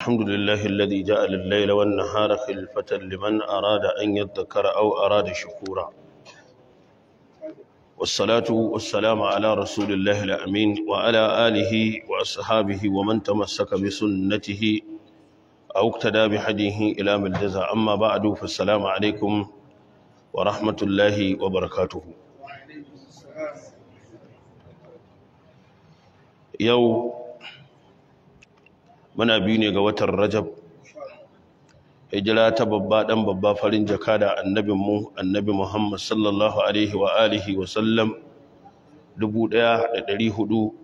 الحمد لله الذي جعل الليل والنهار خلفة لمن أراد أن يذكر أو أراد شكورا والصلاة والسلام على رسول الله الأمين وعلى آله وأصحابه ومن تمسك بسنته أو اقتدى بحديه إلى ملجزة أما بعد فالسلام عليكم ورحمة الله وبركاته yau muna biyu ne ga watan rajab hijira ta babba dan babba farin jaka da annabinmu annabi muhammad sallallahu alaihi wa alihi wa sallam hudu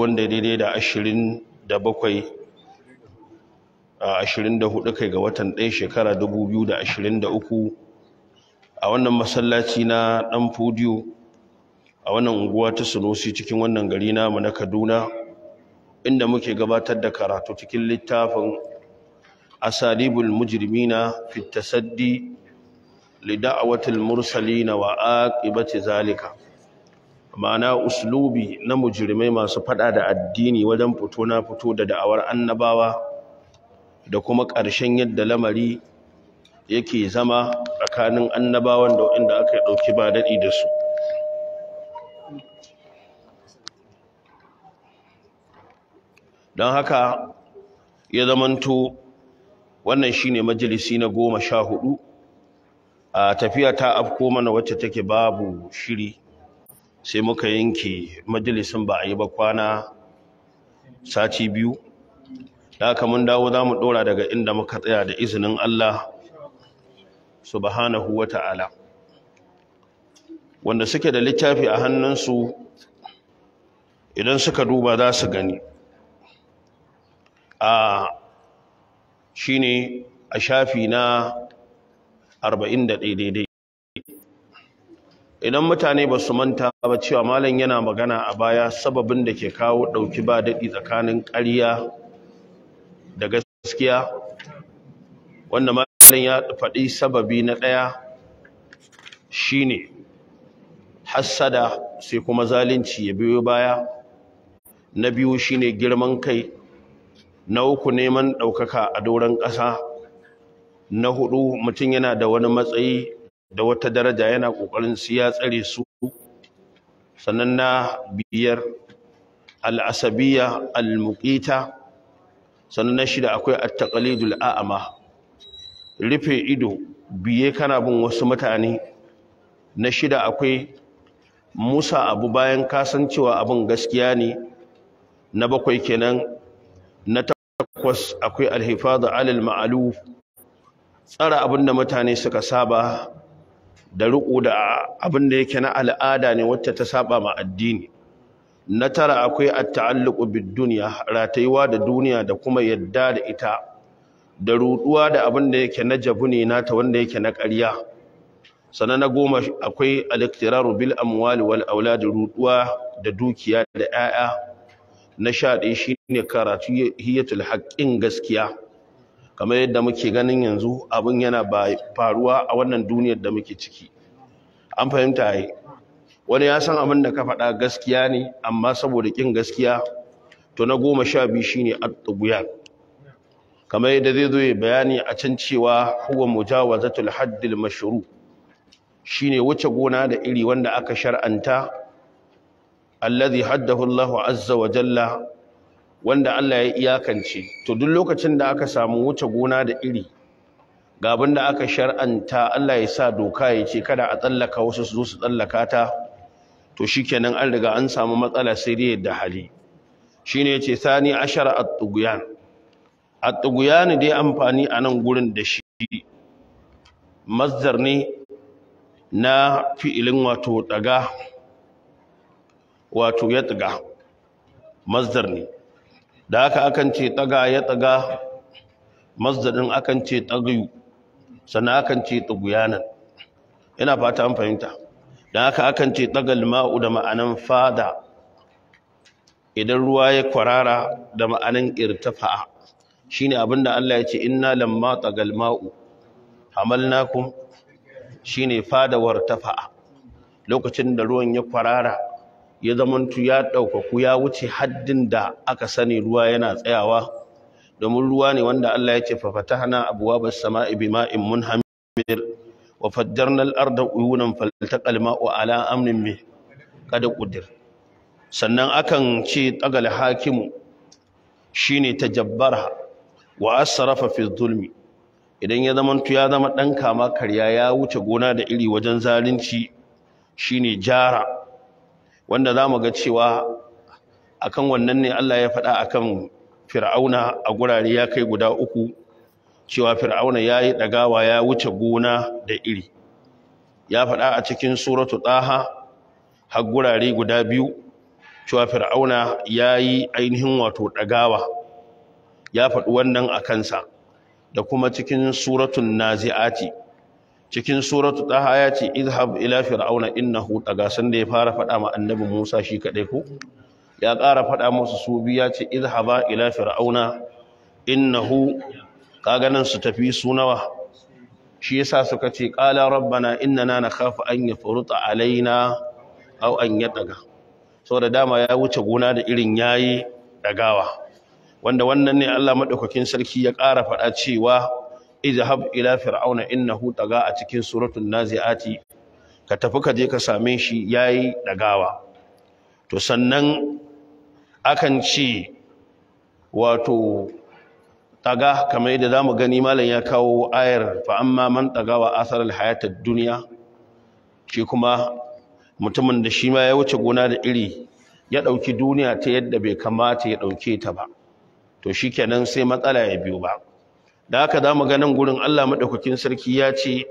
wanda daidai da 27 a 24 kai ga watan ɗaya shekara 2023 a wannan masallaci na dan fudiyo a wannan unguwa ta sunusi cikin wannan gari namu na kaduna inda muke gabatar da karatu cikin littafin asalibul mujrimina fi tasaddi li da'awatil mursalina wa aqibati zalika ma'ana uslubi na mujrimai masu fada da addini wajen fito na fito da da'awar annabawa da kuma ƙarshen yadda lamari yake zama tsakanin annabawan da waɗanda aka ɗauki ba daɗi da su don haka ya zamanto wannan shine majalisi na goma sha hudu a tafiya ta afko mana wacce take babu shiri sai muka yanke majalisin ba a yi ba kwana sati biyu da aka mun dawo za mu ɗora daga inda muka tsaya da izinin Allah subhanahu wa ta'ala wanda suke da littafi a hannunsu idan suka duba za su gani a shi ne a shafi na 41 daidai idan mutane ba su manta ba cewa malam yana magana a baya sababin da ke kawo ɗauki ba daɗi tsakanin ƙarya da gaskiya wanda malam ya faɗi sababi na ɗaya shi ne hassada sai kuma zalunci ya biyo baya na biyu shine girman kai na uku neman ɗaukaka a doron ƙasa na hudu mutum yana da wani matsayi da wata daraja yana ƙoƙarin siya tsare su sannan na biyar al'asabiya al-muqita sannan na shida akwai at-taqlidul a'ama rufe ido biye kana bin wasu mutane na shida akwai musa abu bayan kasancewa abin gaskiya ne na bakwai kenan na takwas akwai alhifadu alal ma'aluf tsara abin mutane suka saba da riƙo da abin da yake na al'ada ne wacce ta saba ma addini na tara akwai at-ta'alluqu bid-dunya ratayuwa da duniya da kuma yadda da ita da ruduwa da abin da yake na jabu ne nata wanda yake na ƙarya Sana na goma akwai al-iktiraru bil amwali wal aulad ruduwa da dukiya da 'ya'ya na shaɗe shi ne karatu hiyatul haƙƙin gaskiya kamar yadda muke ganin yanzu abin yana faruwa a wannan duniyar da muke ciki an fahimta yi wani ya san abin da ka faɗa gaskiya ne amma saboda ƙin gaskiya to na goma sha biyu shi ne kamar yadda zai zo ya bayani a can cewa huwa mujawazatul haddil mashru shine wuce gona da iri wanda aka shar'anta alladhi haddahu Allahu azza wa jalla wanda Allah ya iyakance to duk lokacin da aka samu wuce gona da iri ga abin da aka shar'anta Allah ya sa doka ya ce kada a tsallaka wasu su zo su tsallaka ta to shikenan an riga an samu matsala sai dai yadda hali shine yace sani ashara at-tughyan at-tughyan dai amfani a nan gurin da shi mazdar ne na fi'ilin wato daga wato ya tsiga masdar ne da haka akan ce tsaga ya tsaga din akan ce tsagayu sannan akan ce tsaguyanan ina fata an fahimta da haka akan ce tsagal ma'u da ma'anan fada idan ruwa ya kwarara da ma'anan irtafa'a shine abinda Allah ya ce ina lamma tsagal ma'u shi shine fada wartafa'a lokacin da ruwan ya kwarara ya zamantu ya ɗaukaku ya wuce haddin da aka sani ruwa yana tsayawa domin ruwa ne wanda Allah ya ce fa fatahna abwabas sama'i bima'in munhamir wa fajjarna arda uyunan faltaqal ma'u ala amrin bi kada qudir sannan akan ce tagal hakimu shine tajabbara wa asrafa fi zulmi idan ya zamantu ya zama ɗan kama karya ya wuce gona da iri wajen zalunci shine jara wanda za mu ga cewa akan wannan ne Allah ya faɗa akan fir'auna a gurare ya kai guda uku cewa fir'auna ya yi ɗagawa ya wuce gona da iri ya faɗa a cikin suratu ɗaha har gurare guda biyu cewa fir'auna ya yi ainihin wato ɗagawa ya faɗi wannan a kansa da kuma cikin suratun nazi'ati cikin suratu ta ya ce izhab ila fir'auna innahu daga san da ya fara faɗa ma annabi Musa shi kadai ko ya ƙara faɗa musu su biya ce izhaba ila fir'auna innahu kaga nan su tafi sunawa. nawa shi yasa suka ce qala rabbana innana nakhafu an yafruta alaina aw an yataga saboda dama ya wuce gona da irin yayi dagawa wanda wannan ne Allah madaukakin sarki ya ƙara faɗa cewa izhab ila fir'auna innahu taga a cikin suratul naziati ka tafi ka je ka same shi yayi dagawa to sannan akan ce wato taga kamar yadda zamu gani malam ya kawo ayar fa amma man wa asarar hayatad duniya shi kuma mutumin da shi ma ya wuce gona da iri ya dauki duniya ta yadda bai kamata ya dauke ta ba to shikenan sai matsala ya biyo ba da haka za mu ganin gurin Allah maɗaukakin sarki ya ce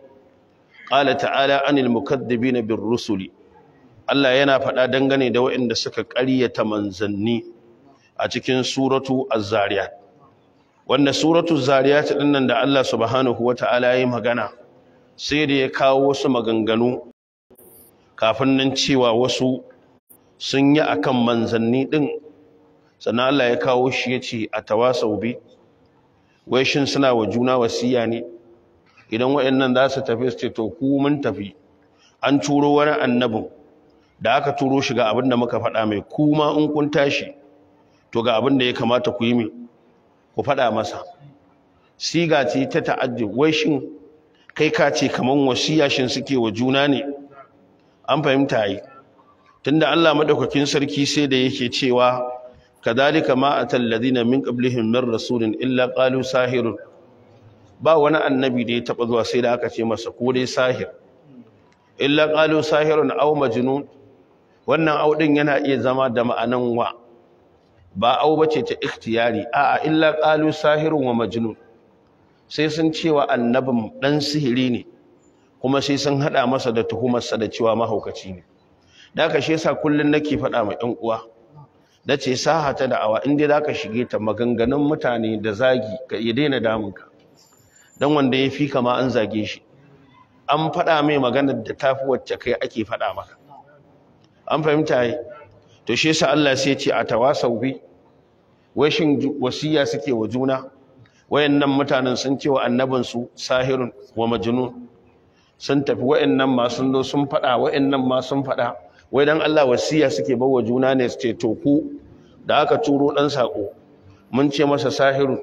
ƙala ta'ala anil mukaddibina na bin rusuli Allah yana faɗa dangane da waɗanda suka ƙaryata manzanni a cikin suratu az-zariyat wanda suratu az-zariyat din nan da Allah subhanahu wata'ala ya magana sai da ya kawo wasu maganganu kafin nan cewa wasu sun yi akan manzanni din sannan Allah ya kawo shi yace sau bi wai shin suna wa juna wasiya ne idan waɗannan za su tafi su ce to ku mun tafi an turo wani annabin da aka turo shi ga abin da muka faɗa mai kuma in kun tashi to ga abin da ya kamata ku yi mai ku faɗa masa siga ce ta ta'addi wai shin kai ka ce kaman wasiya shin suke wa juna ne an fahimta yi tunda Allah maɗaukakin sarki sai da yake cewa kadhalika ma atal ladina min qablihim min rasulin illa qalu ba wani annabi da ya taɓa zuwa sai da aka ce masa ko dai sahir illa qalu sahirun aw wannan au yana iya zama da ma'anan ba au bace ta ikhtiyari a'a illa qalu wa majnun sai sun cewa annabin dan sihiri ne kuma sai sun haɗa masa da tuhumarsa da cewa mahaukaci ne da haka shi yasa kullun nake faɗa ma ƴan uwa na ce saha ta da'awa inda za ka shige ta maganganun mutane da zagi ka ya daina damunka don wanda ya fi kama an zage shi an faɗa mai maganar da ta fi wacce kai ake faɗa maka an fahimta yi to shi sa Allah sai ce a tawasau bi wai wasiya suke wa juna wayannan mutanen sun ce wa annabin su sahirun wa majnun sun tafi wayannan ma sun zo sun faɗa wayannan ma sun faɗa wai dan Allah wasiya suke bawa juna ne su ce to ku da aka turo dan sako mun ce masa sahiru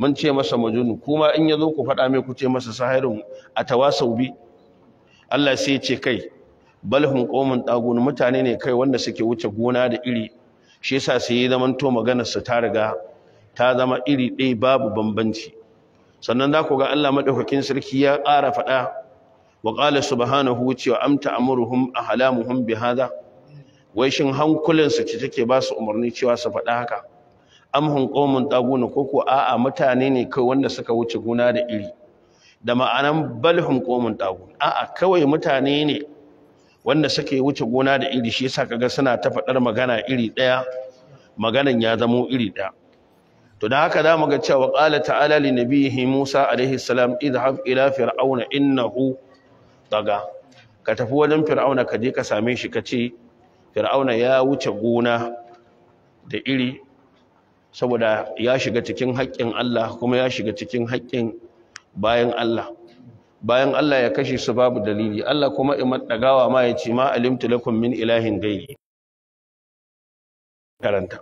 mun ce masa majunu kuma in yazo ku faɗa mai ku ce masa sahirun a tawasau bi Allah sai ya ce kai balhum qawmun tagun mutane ne kai wanda suke wuce gona da iri shi yasa sai ya zaman to maganar su ta riga ta zama iri ɗaya babu bambanci sannan za ku ga Allah madaukakin sarki ya ƙara faɗa wa qala subhanahu cewa amta amuruhum ahlamuhum bihadha wai shin hankulansu ce ci take ba su umarni cewa su faɗa haka An hun qaumun ɗaguna, ko ko a'a mutane ne kai wanda suka wuce guna da iri da ma'anan bal hum qaumun a'a kawai mutane ne wanda suke wuce gona da iri shi yasa kaga suna ta faɗar magana iri ɗaya maganan ya zamo iri ɗaya to da haka zamu ga cewa qala ta'ala li nabiyhi Musa alaihi salam idhhab ila fir'auna innahu daga ka tafi wajen fir'auna ka je ka same shi ka ce fir'auna ya wuce gona da iri saboda ya shiga cikin haƙƙin Allah kuma ya shiga cikin haƙƙin bayan Allah bayan Allah ya kashe su babu dalili Allah kuma imat dagawa ma ya ce ma alimtu lakum min ilahin gairi karanta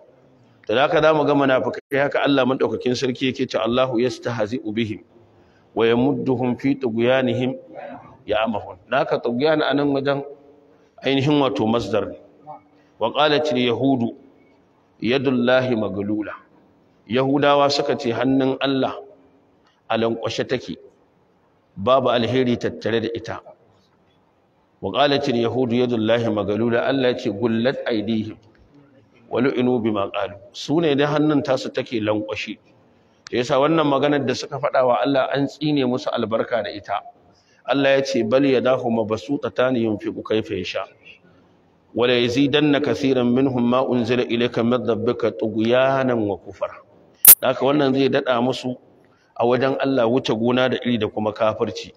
da ka zamu ga munafikai haka Allah maɗaukakin sarki yake ce Allahu yastahzi'u bihim wa yamudduhum fi tughyanihim ya amahun da haka tugyan a nan wajen ainihin wato masdar ne wa qalatil yahudu yadullahi maglula yahudawa suka ce hannun Allah a lankwashe take babu alheri tattare da ita wa qalatil yahudu yadullahi maglula Allah ya ce gullat aidihim wal inu bima qalu sune da hannun tasu take lankwashe yasa wannan maganar da suka faɗawa wa Allah an tsine musu albarka da ita Allah ya ce bal yadahu mabsutatani yunfiqu kayfa yasha wala danna kasiran minhum ma unzila ilayka min rabbika tughyanan wa kufar haka wannan zai dada musu a wajen Allah wuce gona da iri da kuma kafirci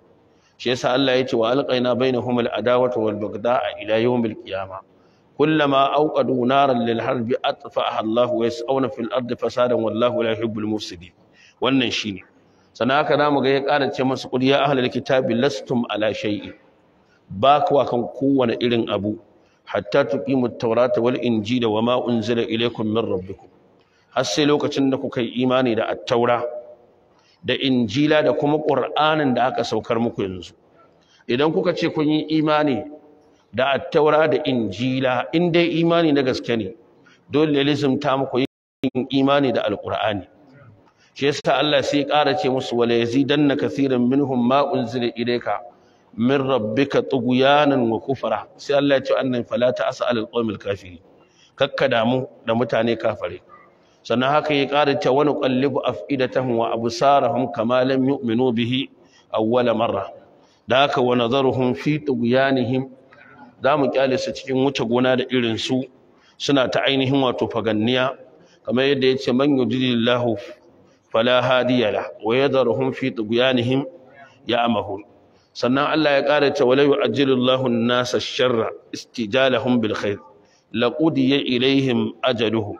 shi yasa Allah ya ce wa alqaina bainahum al-adawata wal bagda'a ila yawm al-qiyamah kullama awqadu naran lil harbi atfa'aha Allah wa yas'awna fil ardi fasadan wallahu la yuhibbul mufsidin wannan shine sanaka haka mu ga ya ƙara ce masu qul ya ahlul kitabi lastum ala shay'i ba kuwa kan kowane irin abu hatta tuqimu tawrata wal injila wama unzila ilaykum min rabbikum har sai lokacin da kuka yi imani da at-taura da injila da kuma qur'anin da aka saukar muku yanzu idan kuka ce kun yi imani da attaura da injila in dai imani na gaske ne dole ta muku yin imani da alqur'ani shi yasa Allah sai ƙara ce musu wala yazidanna kaseeran minhum ma unzila ilayka min rabbika tughyanan wa kufra sai Allah ya ce annan fala ta'sa alal kafirin kakka damu da mutane kafare sannan haka ya ƙara ta wani qallibu afidatahum wa absarahum kama lam yu'minu bihi awwala marra da haka wa nazaruhum fi tughyanihim zamu kyale su cikin wuce gona da irin su suna ta ainihin wato faganniya kamar yadda yace man yudillahu fala hadiya la wa yadharuhum fi tughyanihim sannan Allah ya ƙara ta wala yu'ajjilullahu an-nasa sharra istijalahum bil khair laqudiya ilaihim ajaluhum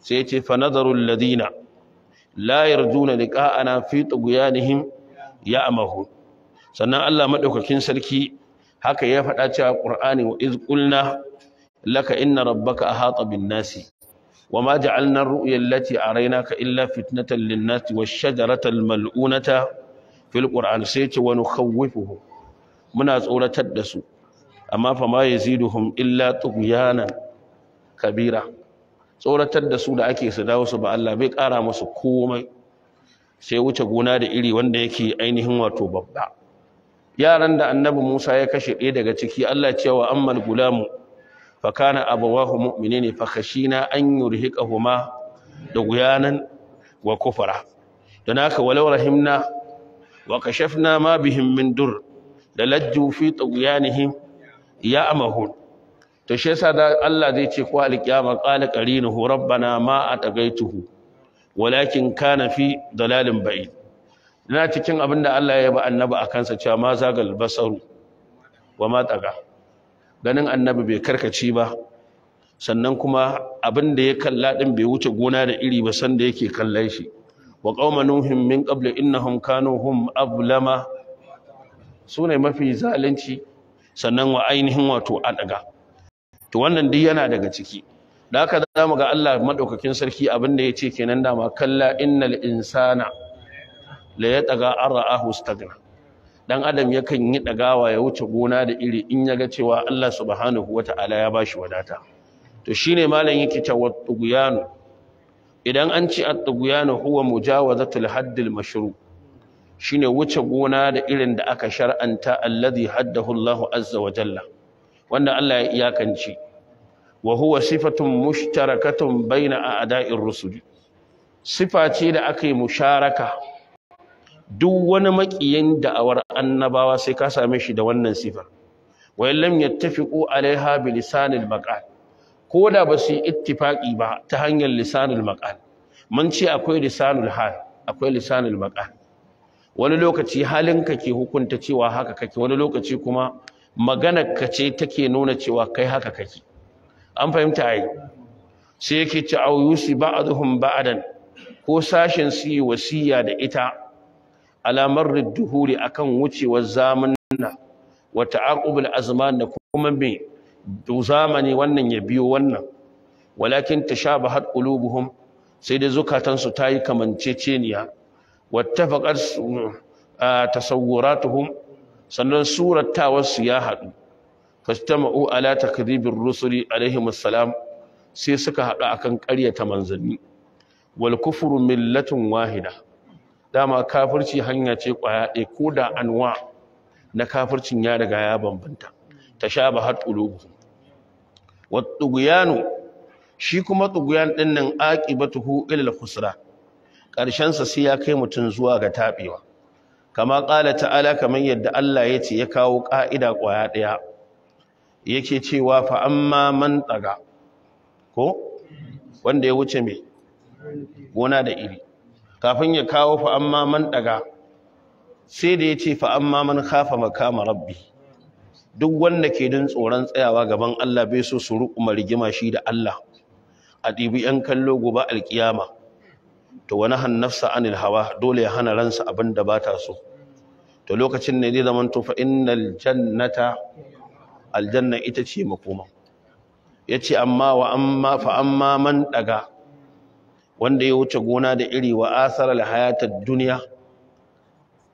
sai yace fa nadaru alladhina la yarjuna liqa'ana fi tughyanihim ya'mahun sannan Allah madaukakin sarki haka ya faɗa cewa Qur'ani wa iz qulna laka inna rabbaka ahata bin nasi وما جعلنا الرؤيا التي أريناك إلا فتنة للناس والشجرة الملؤونة في القرآن سيت ونخوفهم من أزولة الدسو أما فما يزيدهم إلا طغيانا كبيرا أزولة الدسو دا أكي سداو سبع الله بيك أرى مسكومي سيوت قناد إلي وانديكي أينهم وتوببع يا رند النبي موسى يكشف إيدك تكي الله تيوى أما الغلام fa kana abawahu mu'minina fa khashina an yurhiqahuma dughyanan wa kufra dan haka walau rahimna wa kashafna ma bihim min dur lalajju fi tughyanihim ya'mahun to shi yasa da Allah zai ce ku alqiyama qala qarinuhu rabbana ma atagaituhu walakin kana fi dalalin ba'id ina cikin abinda Allah ya ba annabi akansa cewa ma zagal basaru wa ma taga ganin annabi bai karkaci ba sannan kuma abin da ya kalla ɗin bai wuce gona da iri ba sanda yake kallon shi wa qauma nuhum min qabl innahum kanu hum ablama sune mafi zalunci sannan wa ainihin wato adaga to wannan duk yana daga ciki da haka zamu ga Allah madaukakin sarki abin da yace kenan dama kalla innal insana la yataga arahu stagna dan adam yakan yi dagawa ya wuce gona da iri in ya ga cewa Allah subhanahu wata'ala ya bashi wadata to shine malam yake cewa tuguyanu idan an ci at-tuguyanu huwa mujawazatul haddil mashru shine wuce gona da irin da aka shar'anta alladhi haddahu Allah azza wa jalla wanda Allah ya iyakance wa huwa sifatun mushtarakatun baina a'da'ir rusul sifa ce da aka yi musharaka duk wani makiyin da'awar annabawa sai ka same shi da wannan sifar wa lam yattafiqu alaiha bi lisanil maqal ko da ba su yi ittifaqi ba ta hanyar lisanil maqal mun ce akwai lisanul hal akwai lisanil maqal wani lokaci halinka ke hukunta cewa haka kake wani lokaci kuma ka ce take nuna cewa kai haka kake an fahimta ai sai yake ci au yusi ba'dhum ba'dan ko sashin su yi wasiya da ita alamar duhuri akan wucewar zamanna wa ta'aqubul azman da kuma me zamani wannan ya biyo wannan walakin tashabahat qulubuhum sai dai zukatansu ta yi kamanceceniya wattafaqat tasawwuratuhum sannan surattawarsu ya haɗu fastama'u ala takdhibir rusuli alaihim assalam sai suka haɗu akan ƙaryata manzanni wal kufru millatun wahida dama kafirci hanya ce kwaya ɗaya ko da anwa na kafircin ya riga ya bambanta ta sha ba har ƙulubu wattuguyanu shi kuma tuguyan ɗin nan aqibatuhu ila al kusura. ƙarshensa sai ya kai mutum zuwa ga taɓewa kama ƙala ta'ala kamar yadda Allah ya ce ya kawo ƙa'ida ƙwaya ɗaya yake cewa fa amma man tsaga ko wanda ya wuce mai gona da iri kafin ya kawo fa amma man daga sai da ya ce fa amma man khafa makama rabbi duk wanda ke din tsoron tsayawa gaban Allah bai so su ruƙuma rigima shi da Allah a ɗibi ‘yan kallo gobe alƙiyama to wani hannafsa anil hawa dole ya hana ransa abin da ba ta so to lokacin ne zai zaman to fa innal jannata aljanna ita ce makoma yace amma wa amma fa amma man daga wanda ya wuce gona da iri wa asarar hayatar duniya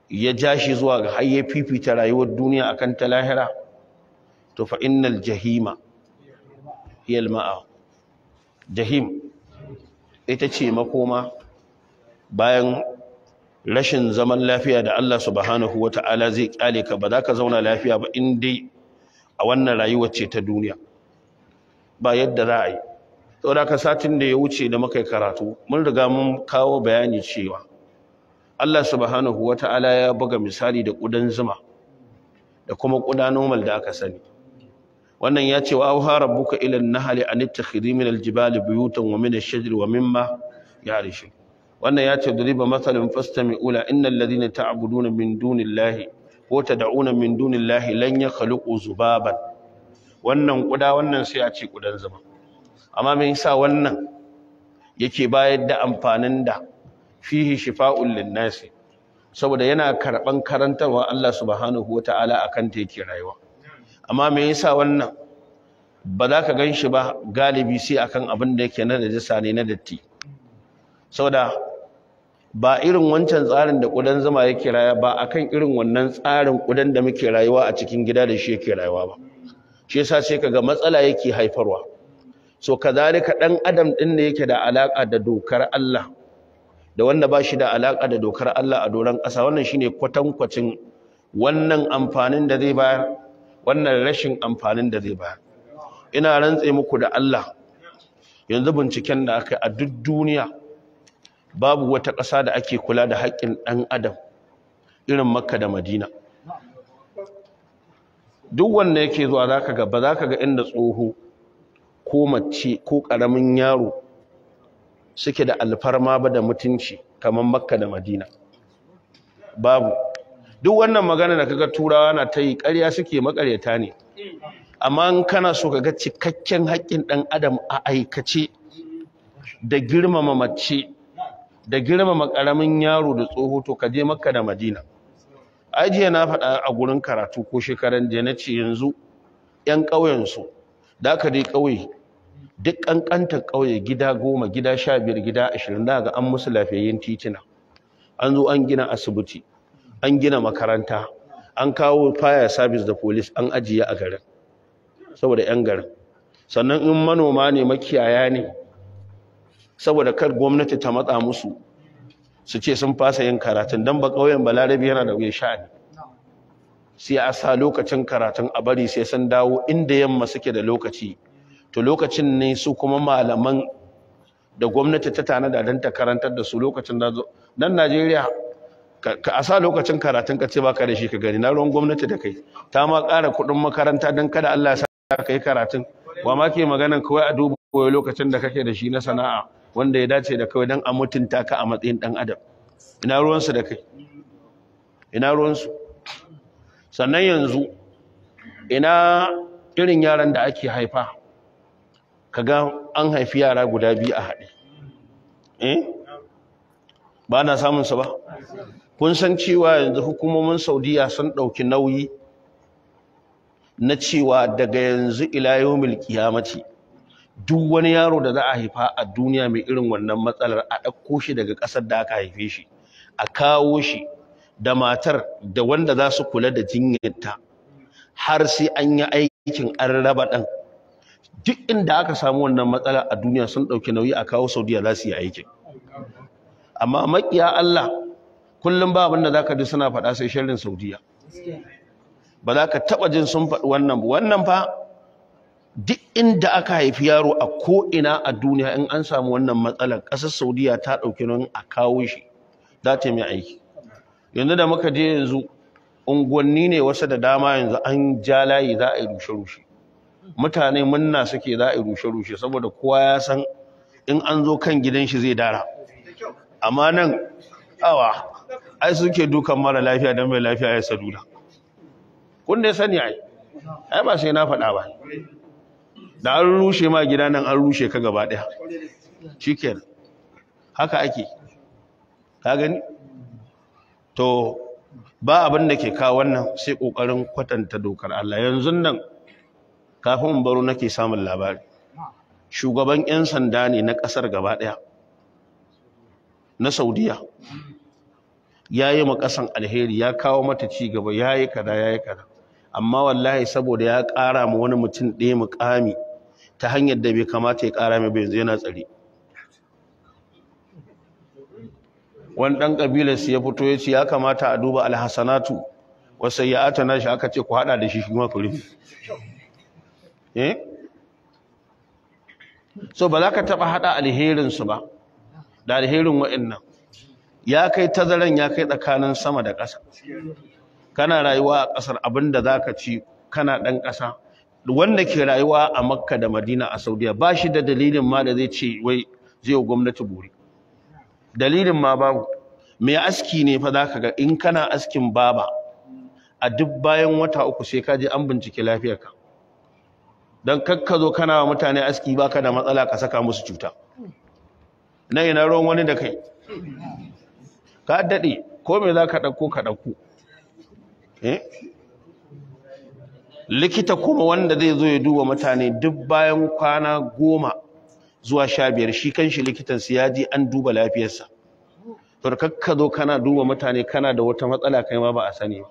ya ja shi zuwa ga har ya fifita rayuwar duniya akan ta lahira to fa innal jahima hiyal ma'a jahim ita ce makoma bayan rashin zaman lafiya da Allah subhanahu wata'ala zai kyale ka ba za ka zauna lafiya ba in dai a wannan rayuwar ce ta duniya ba yadda za a yi saboda ka satin da ya wuce da muka karatu mun riga mun kawo bayani cewa Allah subhanahu wata'ala ya buga misali da ƙudan zuma da kuma ƙuda normal da aka sani wannan ya ce wa auha rabbuka ila Nahali nahli an ittakhidhi min al-jibali buyutan wa min ash-shajari wa mimma ya'rishun wannan ya ce duriba masalan fastami ula innal ladina ta'buduna min dunillahi ko tad'una min dunillahi lan yakhluqu zubaban wannan ƙuda wannan sai a ce kudan zuma amma me yasa wannan yake bayar da amfanin da fihi shifa'ul linnasi saboda yana karban karantarwa Allah subhanahu wataala akan ta yake rayuwa amma me yasa wannan ba za ka ganshi ba galibi sai akan abin da yake na rajisa ne na datti saboda ba irin wancan tsarin da kudan zama yake rayuwa ba akan irin wannan tsarin kudan da muke rayuwa a cikin gida da shi yake rayuwa ba shi yasa sai kaga matsala yake haifarwa so kazalika dan adam din ne yake da alaka da dokar Allah da wanda ba shi da alaka da dokar Allah a doran ƙasa wannan shine kwatankwacin wannan amfanin da zai bayar wannan rashin amfanin da zai bayar ina rantse muku da Allah yanzu binciken da aka a duk duniya babu wata ƙasa da ake kula da haƙƙin ɗan adam irin makka da madina duk wanda yake zuwa za ka ga ba za ga inda tsoho ko mace ko ƙaramin yaro suke da alfarma ba da mutunci kamar makka da madina babu duk wannan magana da kaga turawa na ta yi ƙarya suke makaryata ne amma in kana so kaga cikakken haƙƙin ɗan adam a aikace da girmama mace da girmama ƙaramin yaro da tsoho to kaje makka da madina ajiya na faɗa a gurin karatu ko shekaran da na ce yanzu 'yan ƙauyensu da aka dai ƙauye duk ƙanƙantar ƙauye gida goma gida sha biyar gida ashirin daga an musu lafiyayyen titina an zo an gina asibiti an gina makaranta an kawo fire service da police an ajiye a garin saboda 'yan garin sannan in manoma ne makiyaya ne saboda kar gwamnati ta matsa musu su ce sun fasa yin karatun don ba ƙauyen balarabi yana da wuya sha'ani sai a sa lokacin karatun a bari sai sun dawo inda yamma suke da lokaci to lokacin ne su kuma malaman da gwamnati ta tanada don ta karantar da su lokacin da nan Najeriya ka sa lokacin karatun ka ce ba ka da shi ka gani na ruwan gwamnati da kai ta ma ƙara kuɗin makaranta don kada Allah ya sa ka yi karatun ba ma ke maganan kawai a duba lokacin da kake da shi na sana'a wanda ya dace da kawai don a mutunta ka a matsayin ɗan adam ina ruwansu da kai ina ruwansu sannan yanzu ina irin yaran da ake haifa Ka ga an haifi yara guda biyu a haɗe eh ba na samun su ba kun san cewa yanzu hukumomin Saudiya sun ɗauki nauyi na cewa daga yanzu ila yawmil mace, duk wani yaro da za a haifa a duniya mai irin wannan matsalar a ɗauko shi daga ƙasar da aka haife shi a kawo shi da matar da wanda za su kula da jinyarta har sai an yi aikin an raba ɗan duk inda aka samu wannan matsala a duniya sun ɗauki nauyi a kawo saudiya za su yi aikin amma maƙiya allah kullum ba abinda za ka ji suna faɗa sai shirin saudiya ba za ka taɓa jin sun faɗi wannan ba wannan fa duk inda aka haifi yaro a ko'ina a duniya in an samu wannan matsalar ƙasar saudiya ta ɗauki nan a kawo shi za ta yi aiki yanzu da muka je yanzu unguwanni ne wasu da dama yanzu an ja layi za a yi rushe-rushe mutane munna suke za a rushe-rushe saboda kowa ya san in an zo kan gidan shi zai dara amma nan awa ai suke dukan mara lafiya don mai lafiya ya sadura? kun kunda ya sani ai ai ba sai na faɗa ba da an rushe ma gida nan an rushe ka gaba ɗaya shi haka ake ka gani to ba abin da ke kawo wannan sai ƙoƙarin kwatanta dokar Allah yanzu nan kafin baro nake samun labari shugaban 'yan sanda ne na kasar gaba ɗaya na saudiya ya yi makasan alheri ya kawo mata ci gaba ya yi kada ya yi kada amma wallahi saboda ya kara ma wani mutum ɗaya mukami ta hanyar da bai kamata ya kara mai bai yana tsare wani ɗan ƙabilar su ya fito ya ce ya kamata a duba alhassanatu wasu ya atana shi aka ce ku haɗa da shi shi ma ku rufe Eh? so ba za ka taɓa haɗa alherinsu ba da alherin wa'annan ya kai tazaran ya kai tsakanin sama da ƙasa kana rayuwa a ƙasar abinda za ka ci kana ɗan ƙasa wanda ke rayuwa a makka da madina a saudiya ba shi da dalilin ma da zai ce wai zai gwamnati buri dalilin ma babu mai aski ne fa za ka ga in kana askin baba a duk bayan wata uku sai ka je an bincike lafiyarka don kakka zo kana wa mutane aski baka da matsala ka saka musu cuta na ina ruwan wani da kai ka daɗe ko me za ka ɗauko ka ɗauko eh? likita kuma wanda zai zo ya duba mutane duk bayan kwana goma zuwa sha biyar shi kan shi likitan su ya ji an duba lafiyarsa to kakka zo kana duba mutane kana da wata matsala kai ma ba a sani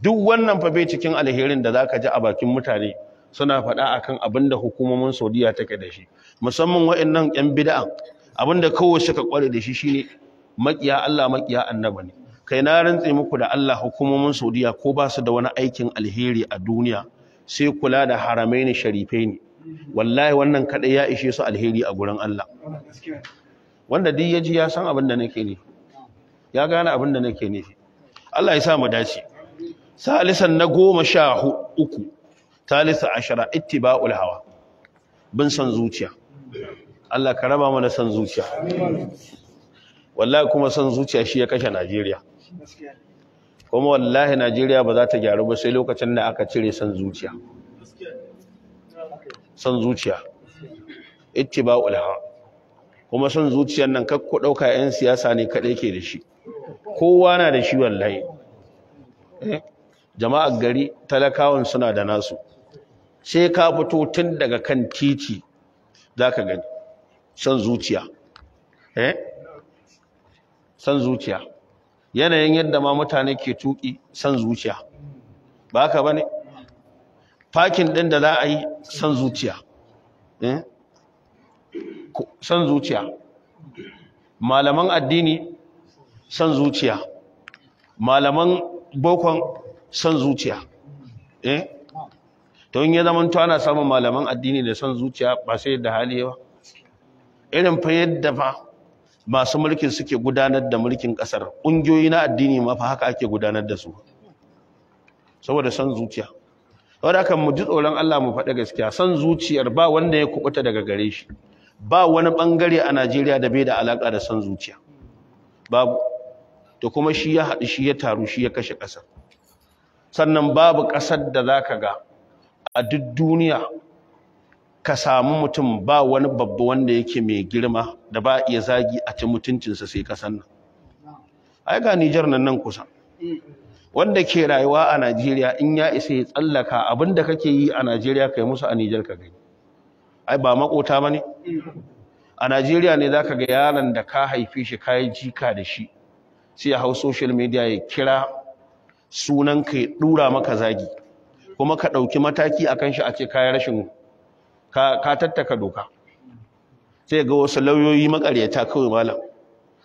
duk wannan fa bai cikin alherin da zaka ji a bakin mutane suna faɗa akan abin da hukumomin saudiya take da shi musamman waɗannan yan bid'an abin da kowace ka kware da shi shine makiya Allah makiya annaba ne kai na rantse muku da Allah hukumomin saudiya ko ba su da wani aikin alheri a duniya sai kula da haramaini sharifaini wallahi wannan kadai ya ishe su alheri a gurin Allah wanda duk yaji ya san abin da nake ne ya gane abin da nake nufi Allah ya sa mu dace salisan na goma sha uku talisa ashara ittiba'ul hawa bin san zuciya Allah ka raba mana san zuciya wallahi kuma san zuciya shi ya kashe Najeriya kuma wallahi Najeriya ba za ta gyaru ba sai lokacin da aka cire san zuciya san zuciya ittiba'ul hawa kuma san zuciyar nan kakku dauka yan siyasa ne kadai ke da shi kowa na da shi wallahi eh? jama'ar gari talakawan suna da nasu sai ka fito tun daga kan titi za ka gani san zuciya eh san zuciya yanayin yadda ma mutane ke tuki san zuciya ba ka ba ne fakin ɗin da za a yi san zuciya eh? san zuciya malaman addini san zuciya malaman bokon san zuciya eh to in ya zamanto ana samun malaman addini da son zuciya ba sai da hali ba irin fa yadda fa masu mulkin suke gudanar da mulkin kasar ƙungiyoyi na addini ma fa haka ake gudanar da su saboda son zuciya saboda kan mu ji tsoron Allah mu faɗa gaskiya son zuciyar ba wanda ya kubuta daga gare shi ba wani bangare a Najeriya da bai da alaka da son zuciya babu to kuma shi ya haɗu shi ya taru shi ya kashe ƙasar sannan babu ƙasar da zaka ga a duk duniya ka samu mutum ba wani babba wanda yake mai girma da ba iya zagi a ci mutuncinsa sai kasan nan ai ga Nijar nan nan kusa wanda ke rayuwa a Najeriya in ya isa ya tsallaka abinda kake yi a Najeriya kai musu a Nijar ka gani ai ba makota ne. a Najeriya ne zaka ga yaron da ka haife shi kai jika da shi sai ya hau social media ya kira sunan ka ya dura maka zagi kuma ka ɗauki mataki a kan shi a ce kayan rashin ka tattaka doka sai ga wasu lauyoyi makaryata kawai malam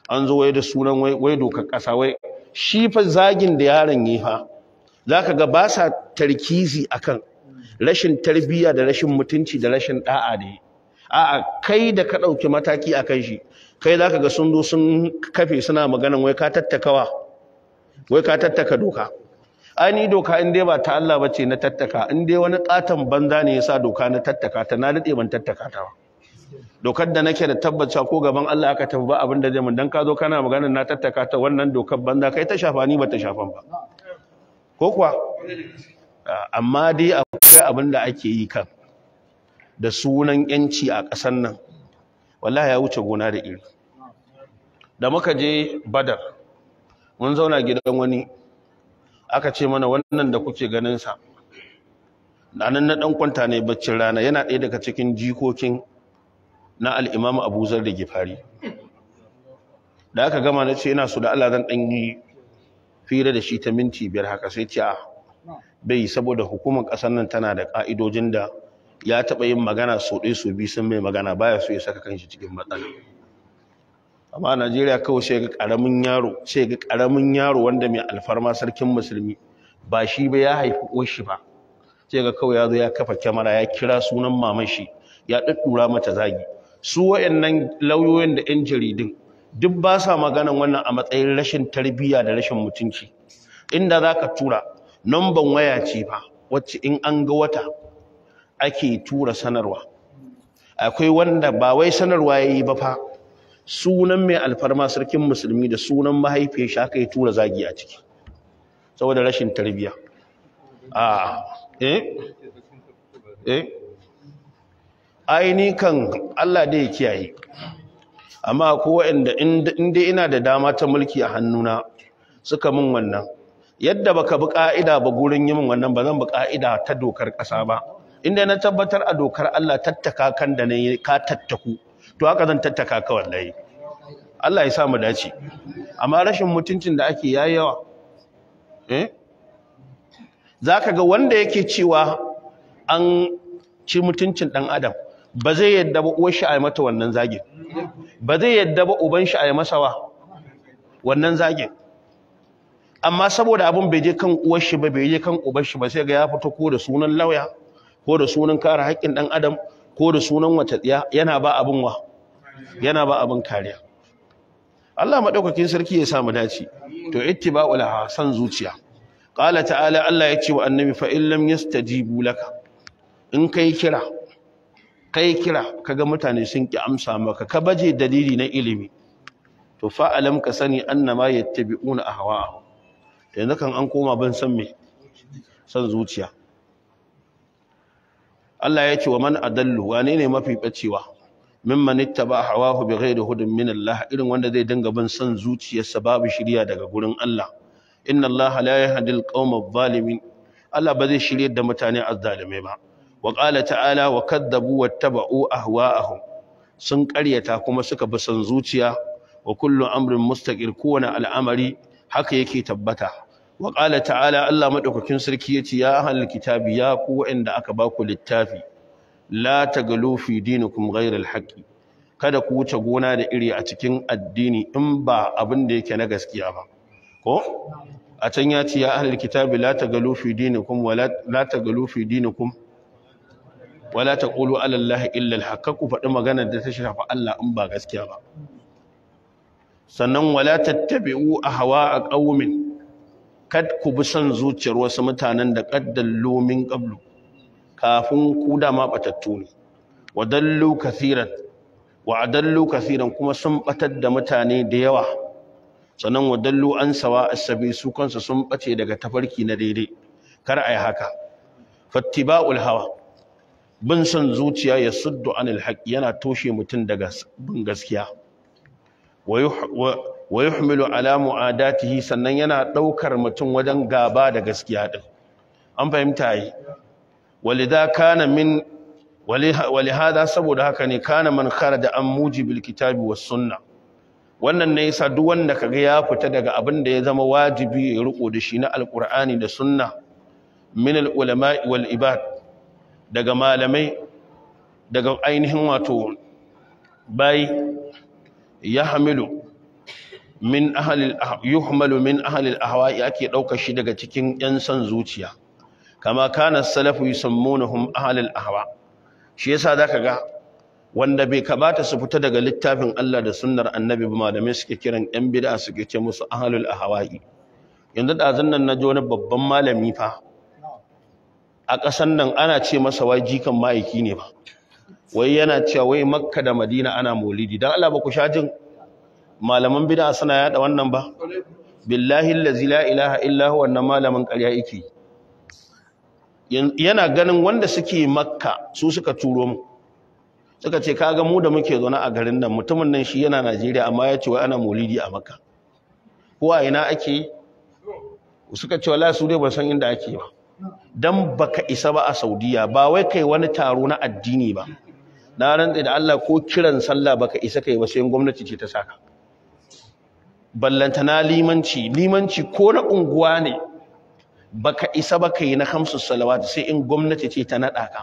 an zo wai da sunan wai dokar ƙasa wai shi fa zagin da yaron yi fa za ka ga ba sa tarkizi kan, rashin tarbiyya da rashin mutunci da rashin ɗa'a da a'a kai da ka ɗauki mataki a kan shi kai za ka ga sun zo sun kafe suna maganan wai ka tattakawa wai ka tattaka doka ani doka in dai ba ta Allah bace na tattaka in dai wani katon banza ne yasa doka na tattaka ta na dade ban tattaka ta ba dokar da nake da tabbacewa ko gaban Allah aka tafi ba abin da zai mun dan ka zo kana magana na tattaka ta wannan dokar banza kai ta shafa ni ba ta shafan ba ko kuwa amma dai akwai abin da ake yi kan da sunan yanci a ƙasar nan wallahi ya wuce gona da iri da muka je badar mun zauna gidan wani aka ce mana wannan da kuke ganin sa nan na dan kwanta ne baccin rana yana ɗaya daga cikin jikokin na al-Imam Abu da Gifari da aka gama na ce yana su da Allah zan dan yi fira da shi ta minti biyar haka sai ce a ah, bai saboda hukumar ƙasar nan tana da ƙa'idojin da ya taɓa yin magana sau ɗaya sau biyu sun mai magana baya so ya saka kanshi cikin matsala amma Najeriya kawai sai ga karamin yaro sai ga karamin yaro wanda mai alfarma sarkin musulmi ba shi ba ya haifi uwarshi ba sai ga kawai ya zo ya kafa kyamara ya kira sunan maman shi ya daddura mata zagi su wayannan lauyoyin da yan jaridun duk ba sa maganan wannan a matsayin rashin tarbiyya da rashin mutunci inda za ka tura numban waya ce fa wacce in an ga wata ake tura sanarwa akwai wanda ba wai sanarwa yayi ba fa sunan mai alfarma sarkin musulmi da sunan mahaifiyar shi aka yi tura zagi a ciki saboda rashin tarbiya a eh eh aini kan Allah da ya kiyaye amma ko wanda inda ina da dama ta mulki a hannuna suka min wannan yadda baka bi ka'ida ba gurin yin wannan ba zan bi ka'ida ta dokar ƙasa ba inda na tabbatar a dokar Allah tattaka kan da ne ka tattaku to haka zan tattaka ka wallahi Allah ya sa mu dace amma rashin mutuncin da ake yayi yawa eh zaka ga wanda yake cewa an ci mutuncin dan adam ba zai yadda ba uwar shi a mata wannan zagin ba zai yadda ba uban shi a masa wa wannan zagin amma saboda abin bai je kan uwar shi ba bai je kan uban shi ba sai ga ya fito ko da sunan lauya ko da sunan kare haƙƙin dan adam ko da sunan wata tsiya yana ba abin wa yana ba abin kariya Allah madaukakin sarki ya samu dace to ittiba'ul hawa san zuciya qala ta'ala Allah ya ce wa annabi fa in lam yastajibu laka in kai kira kai kira kaga mutane sun ki amsa maka ka baje dalili na ilimi to fa alam ka sani annama yattabi'una ahwa'ahum yanzu kan an koma ban san me san zuciya Allah ya ce wa man adallu wane ne mafi bacewa mimman ittaba hawahu bighairi hudun min Allah irin wanda zai dinga bin son zuciyarsa babu shiriya daga gurin Allah inna Allah la yahdi alqawma adh-dhalimin Allah ba zai shiryar da mutane azzalimai ba wa qala ta'ala wa kadzabu wattaba'u ahwa'ahum sun ƙaryata kuma suka bi son zuciya wa kullu amrin mustaqir kowane al'amari haka yake tabbata wa qala ta'ala Allah madaukakin sarki yace ya ahlul kitabi ya ku wa'anda aka ba ku littafi la tagalu fi kun ghayral haqqi kada ku wuce gona da iri a cikin addini in ba abin da yake na gaskiya ba ko a can ya ci ya ahlul kitabi la tagalu fi dinikum wa la tagalu fi dinikum wa taqulu ala allahi illa al ku faɗi magana da ta shafa Allah in ba gaskiya ba sannan wala tattabi'u ahwa a qaumin kad ku bi son zuciyar wasu mutanen da qaddallu min qablu kafin ku dama batattu ne wa kathiran kuma sun batar da mutane da yawa sannan wa dallu an sawa asabi su kansu sun bace daga tafarki na daidai kar ai haka fattiba'ul hawa bin son zuciya ya suddu anil haqq yana toshe mutun daga bin gaskiya wa yuhmilu ala mu'adatihi sannan yana daukar mutum wajen gaba da gaskiya din an fahimta yi walidha kana saboda haka ne kana man kharaja an mujibil kitabi was sunna wannan ne yasa duk wanda kaga ya fita daga abin da ya zama wajibi ya riko da shi na alqur'ani da sunna min al wal ibad daga malamai daga ainihin wato bai yahmilu min ahli yuhmalu min ahli al ahwa'i ake dauka shi daga cikin yan san zuciya kama kana salafu yusammunahum ahlul ahwa shi yasa zaka ga wanda bai kamata su fita daga littafin Allah da sunnar annabi ba malamai suke kiran yan bid'a suke ce musu ahlul ahwa'i yanzu da nan naji wani babban malami fa a ƙasan nan ana ce masa wai jikan ma'aiki ne ba wai yana cewa wai makka da madina ana maulidi dan Allah ba ku sha jin malaman bid'a suna yada wannan ba billahi allazi la ilaha illa huwa wannan malamin ƙarya yake yana ganin wanda suke makka su suka turo mu suka ce kaga mu da muke zaune a garin nan mutumin nan shi yana Najeriya amma ya ce wai ana maulidi a makka ko a ina ake suka ce wala su dai ba san inda ake ba dan baka isa ba a Saudiya ba wai kai wani taro na addini ba na rantse da Allah ko kiran sallah baka isa kai ba sai gwamnati ce ta saka ballantana limanci limanci ko na unguwa ne baka isa ba kai na hamsu salawat sai in gwamnati ce ta nada ka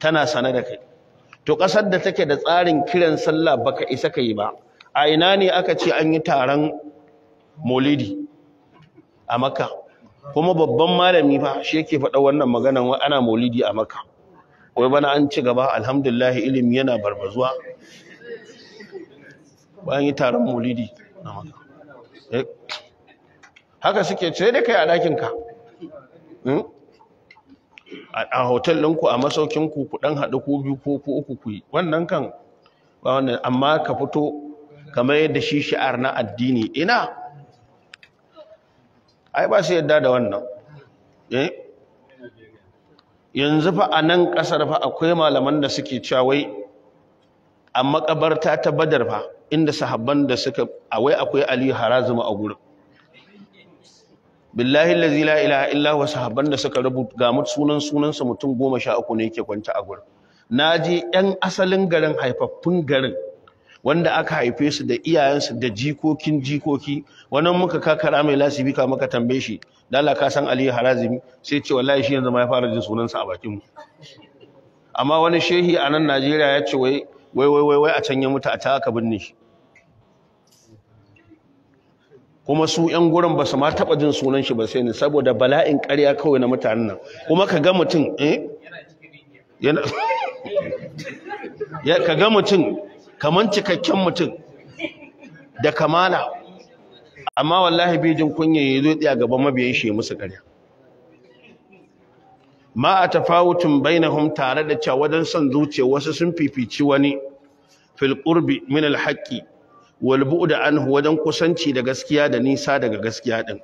tana sane da kai to ƙasar da take da tsarin kiran sallah baka isa kai ba a ina ne aka ce an yi taron maulidi a makka kuma babban malami fa shi yake faɗa wannan maganan wa ana maulidi a makka wai bana an ci gaba alhamdulillah ilimi yana barbazuwa bayan yi taron maulidi a makka eh. haka suke ce da kai a ɗakinka Hmm? a hotel ɗinku a masaukinku ku ɗan haɗu ko biyu ko ku uku ku yi wannan kan ba wannan amma ka fito kamar yadda shi shi'ar na addini ina ai ba su yadda da wannan eh? yanzu fa a nan ƙasar fa akwai malaman da suke cawai a makabarta ta badar fa inda sahabban da suka awai akwai aliyu harazuma a gurin billahi allazi la ilaha illa huwa sahabban da suka rubuta ga mut sunan sunan sa mutum uku ne yake kwanta a gurin naji yan asalin garin haifaffun garin wanda aka haife su da iyayensu da jikokin jikoki wannan muka kakara mai lasibi ka maka tambaye shi dala ka san aliyu harazimi sai ce wallahi shi yanzu ma ya fara jin sunansa a bakin mu amma wani shehi a nan najeriya ya ce wai wai wai a can ya mutu a ta aka binne shi kuma su yan gurin ba su ma taɓa jin sunan shi ba sai ne saboda bala'in ƙarya kawai na mutanen nan kuma ka ga mutum eh? ka ga mutum kaman cikakken mutum da kamala amma wallahi bai jin kunya ya zo tsaya gaban mabiyan shi musu ƙarya ma a tafawutun bainahum tare da cewa wajen son zuciya wasu sun fifici wani filƙurbi qurbi min wal da anhu wajen kusanci da gaskiya da nisa daga gaskiya din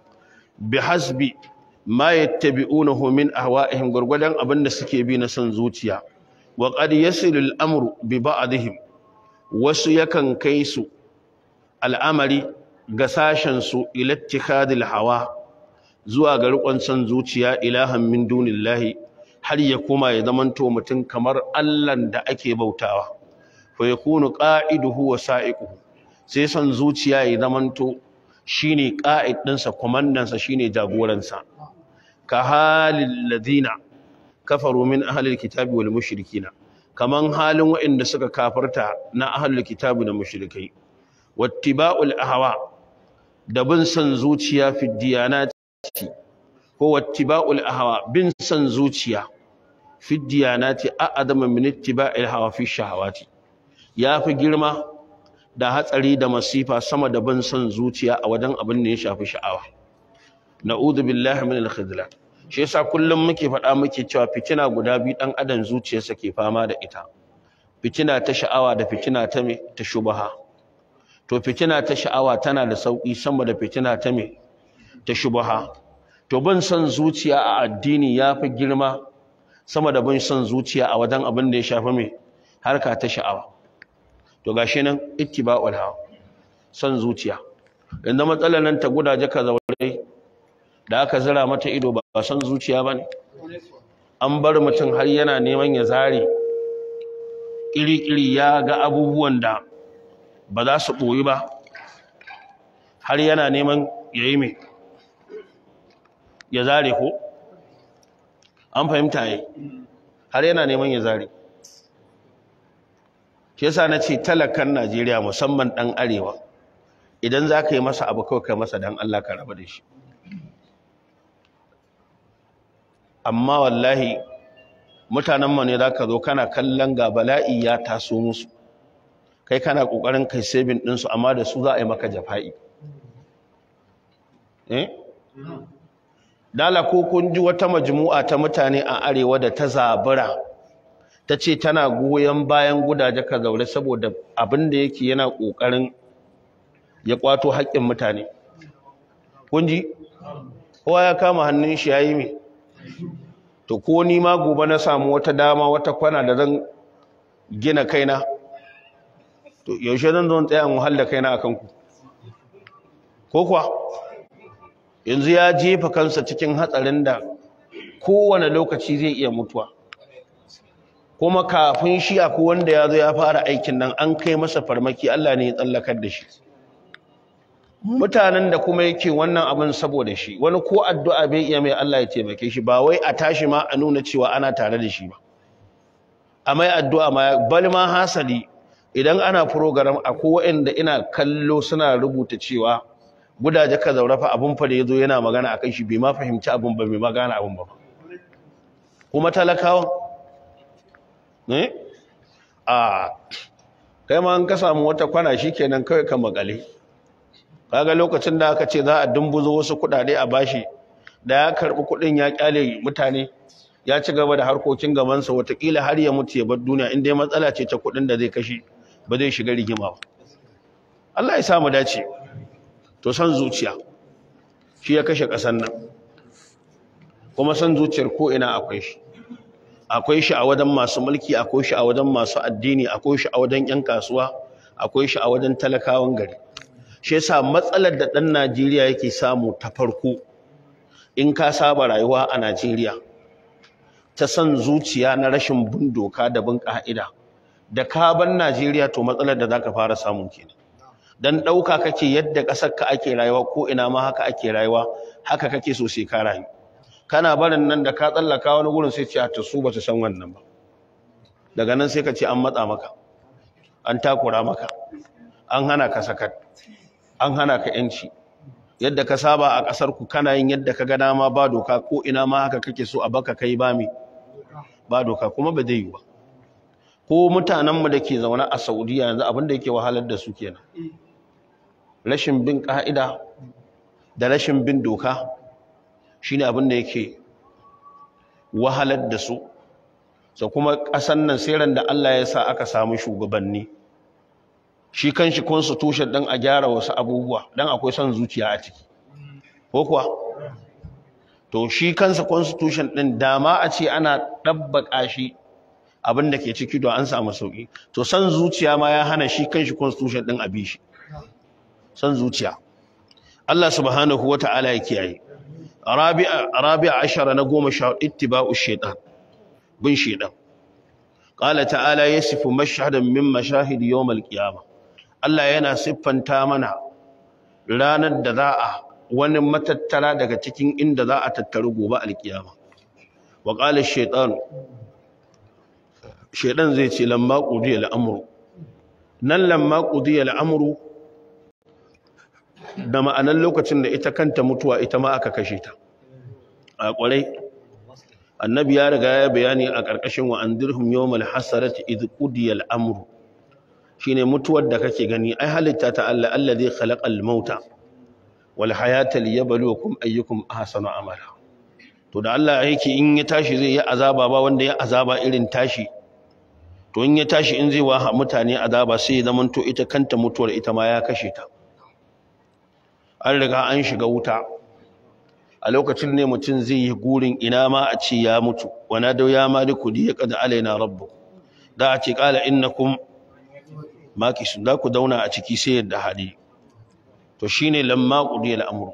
bi hasbi ma yattabi'unahu min ahwa'ihim gurgudan abin da suke bi na son zuciya wa qad yasilu al-amru bi ba'dihim wasu yakan kai su al'amari ga sashen su ila ittikhadil hawa zuwa ga rikon son zuciya ilahan min dunillahi har ya kuma ya zamanto mutum kamar Allahn da ake bautawa fa yakunu qa'iduhu wa sa'iquhu sai son zuciya ya zamanto shine qa'id kwamandansa shine jagoransa ka halil ladina kafaru min ahlil kitabi wal mushrikina kaman halin waɗanda suka kafarta na ahlul kitabi da mushrikai wattiba'ul ahwa da bin son zuciya fi diyanati ko wattiba'ul ahwa bin son zuciya fi diyanati a adama min ittiba'il hawa fi shahawati yafi girma da hatsari da masifa sama da ban son zuciya a wajen abin da ya shafi sha'awa na'udhu billahi min al-khidlan shi yasa kullum muke faɗa muke cewa fitina guda biyu dan adam zuciyarsa ke fama da ita fitina ta sha'awa da fitina ta me ta shubaha to fitina ta sha'awa tana da sauki sama da fitina ta me ta shubaha to ban son zuciya a addini ya fi girma sama da ban son zuciya a wajen abin da ya shafi me harka ta sha'awa to gashi nan ittiba'ul hawa son zuciya inda matsalar nan ta gudaje ka zaure da aka zira mata ido ba son zuciya bane an bar mutum har yana neman ya zare kiri-kiri ya ga abubuwan da ba za su boyi ba har yana neman ya yi mai ya zare ko an fahimta yi har yana neman ya zare shi yasa na ce talakan Najeriya musamman ɗan arewa idan za ka yi masa abu kawai kai masa don Allah ka raba da shi amma wallahi mutanen ne za ka zo kana kallon ga bala'i ya taso musu kai kana ƙoƙarin kai sabin ɗinsu amma da su za a yi maka jafa'i eh? dala ko kun ji wata majmu'a ta mutane a arewa da ta zabura ta ce tana goyon bayan gudaje ka zaure saboda abin da yake yana ƙoƙarin ya ƙwato haƙƙin mutane kunji kowa ya kama hannun shi ya yi mai to ko ni ma gobe na samu wata dama wata kwana da zan gina kaina to yaushe zan zo tsaya mu halda kaina a kanku? ko kuwa yanzu ya jefa kansa cikin hatsarin da kowane lokaci zai iya mutuwa kuma kafin shi ko wanda ya zo ya fara aikin nan an kai masa farmaki Allah ne ya tsallakar da shi mutanen da kuma yake wannan abin saboda shi wani ko addu'a bai iya mai Allah ya taimake shi ba wai a tashi ma a nuna cewa ana tare da shi ba a mai addu'a ma bal ma hasali idan ana program ko wanda ina kallo suna rubuta cewa gudaje ka zaurafa abin fa da yazo yana magana akan shi bai ma fahimci abin ba bai ma gane abin ba kuma talakawa ne eh? a kai ma an ka samu wata kwana shi kenan kawai ka makale kaga lokacin da aka ce za a dumbuzo wasu kudade a bashi da ya karbi kudin ya kyale mutane ya ci gaba da harkokin gabansa watakila har ya mutu ya bar duniya in dai matsala ce ta kudin da zai kashe ba zai shiga rigima ba Allah ya sa dace to san zuciya shi ya kashe kasan nan kuma san zuciyar ko ina akwai shi akwai shi a wajen masu mulki akwai shi a wajen masu addini akwai shi a wajen yan kasuwa akwai shi a wajen talakawan gari shi yasa matsalar da dan Najeriya yake samu ta farko in ka saba rayuwa a Najeriya ta san zuciya na rashin bin doka da bin ka'ida da ka ban Najeriya to matsalar da zaka fara samu kenan dan dauka kake yadda kasar ka ake rayuwa ko ina ma haka ake rayuwa haka kake so sai ka rayu kana barin nan da ka tsallaka wani gurin sai ce a ta su bata san wannan ba daga nan sai ka ce an matsa maka an takura maka an hana ka sakat an hana ka yanci yadda ka saba a kasar ku kana yin yadda ka ga dama ba doka ko ina ma haka kake so a baka kai ba mi ba doka kuma ba zai yi ba ko mutanen mu dake zaune a Saudiya yanzu abin da yake wahalar da su kenan rashin bin ka'ida da rashin bin doka shine abin da yake wahalar da su so kuma ƙasan nan sai ran da Allah ya sa aka samu shugabanni shi kanshi constitution din a gyara wasu abubuwa dan akwai son zuciya a ciki ko kuwa to shi kansa constitution din dama a ce ana dabbaka shi abin da ke ciki don an samu sauki to son zuciya ma ya hana shi kanshi constitution din a bi shi son zuciya Allah subhanahu Ta'ala ya kiyaye rabi'a ashara na goma sha ittiba'u shaitan bin shaitan qala ta'ala yasifu mashhadan min mashahid yawm al Allah yana siffanta mana ranar da za a wani matattara daga cikin inda za a tattaru gobe al-qiyamah wa qala shaitan shaitan zai ce lamma qudiya al-amru nan lamma qudiya al-amru da ma'anar lokacin da ita kanta mutuwa ita ma aka kashe ta a ƙwarai annabi ya riga ya bayani a ƙarƙashin wa andirhum yawmal hasarati id qudiya amru shine mutuwar da kake gani ai halitta ta Allah allazi khalaqal mauta wal hayata liyabluwakum ayyukum ahsanu amala to da Allah yake in ya tashi zai yi azaba ba wanda ya azaba irin tashi to in ya tashi in zai wa mutane azaba sai zaman to ita kanta mutuwar ita ma ya kashe ta an riga an shiga wuta a lokacin ne mutum zai yi gurin ina ma a ce ya mutu wana da ya maliku ya kada alaina rabbu da a ce kala innakum su da ku dauna a ciki sai yadda hali to shine lamma qudiya al'amru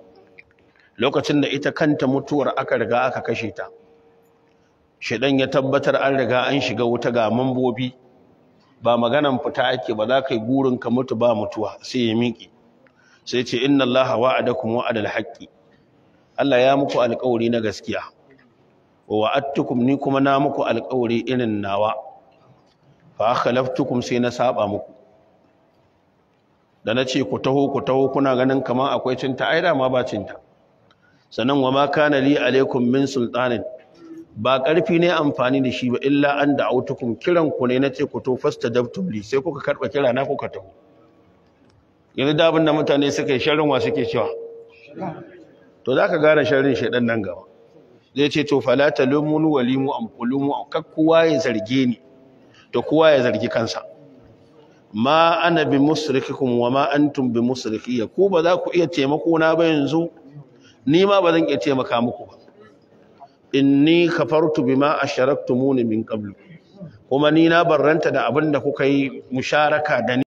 lokacin da ita kanta mutuwar aka riga aka kashe ta shedan ya tabbatar an riga an shiga wuta ga mambobi ba maganan fita ake ba za ka yi gurin ka mutu ba mutuwa sai ya miƙe sai ce inna allaha wa'adakum wa'adal haqqi Allah ya muku alƙawari na gaskiya wa wa'adtukum ni kuma na muku alƙawari irin nawa fa akhlaftukum sai na saba muku da na ku taho ku taho kuna ganin kamar akwai cinta ai ma ba cinta Sanan wa ma kana li alaikum min sultanin ba ƙarfi ne amfani da shi ba illa an da'autukum kiran ku ne nace ce ku to fastajabtum li sai kuka karɓa kira na kuka taho yanzu da da mutane suka yi sharin wa ke cewa to za ka gane sharin shaidan nan gaba zai ce to falata lomunu wa limu an kulumu an kakkuwa ya zarge ni to kuwa ya zargi kansa ma ana bi musrikikum wa ma tun bi ya ku ba za ku iya taimako na ba yanzu ni ma ba zan iya taimaka muku ba In inni kafartu sharaktu muni min kablu kuma ni na barranta da abin da kuka yi musharaka da ni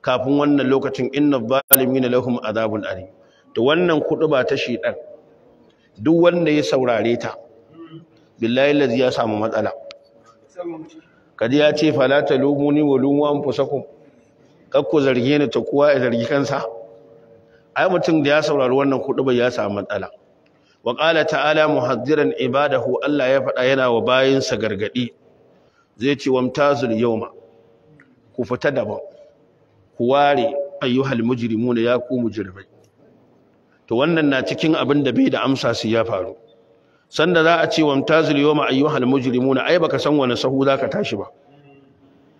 kafin wannan lokacin inna zalimina lahum azabun alim to wannan ba ta shedan duk wanda ya saurare ta billahi lazi ya samu matsala Kadi ya ce fala talumuni wa lumu anfusakum kakku zarge ni ta kowa ya zargi kansa ai mutum da ya saurari wannan ba ya samu matsala wa qala ta'ala muhaddiran ibadahu Allah ya faɗa yana wa bayinsa gargadi zai ce wamtazul yawma ku fita daban ku ware ayyuhal mujrimuna ya ku mujrimai to wannan na cikin abin da bai da amsa su ya faru sanda za a ce wamtazil yawma ayyuhal mujrimuna ai baka san wani sahu zaka tashi ba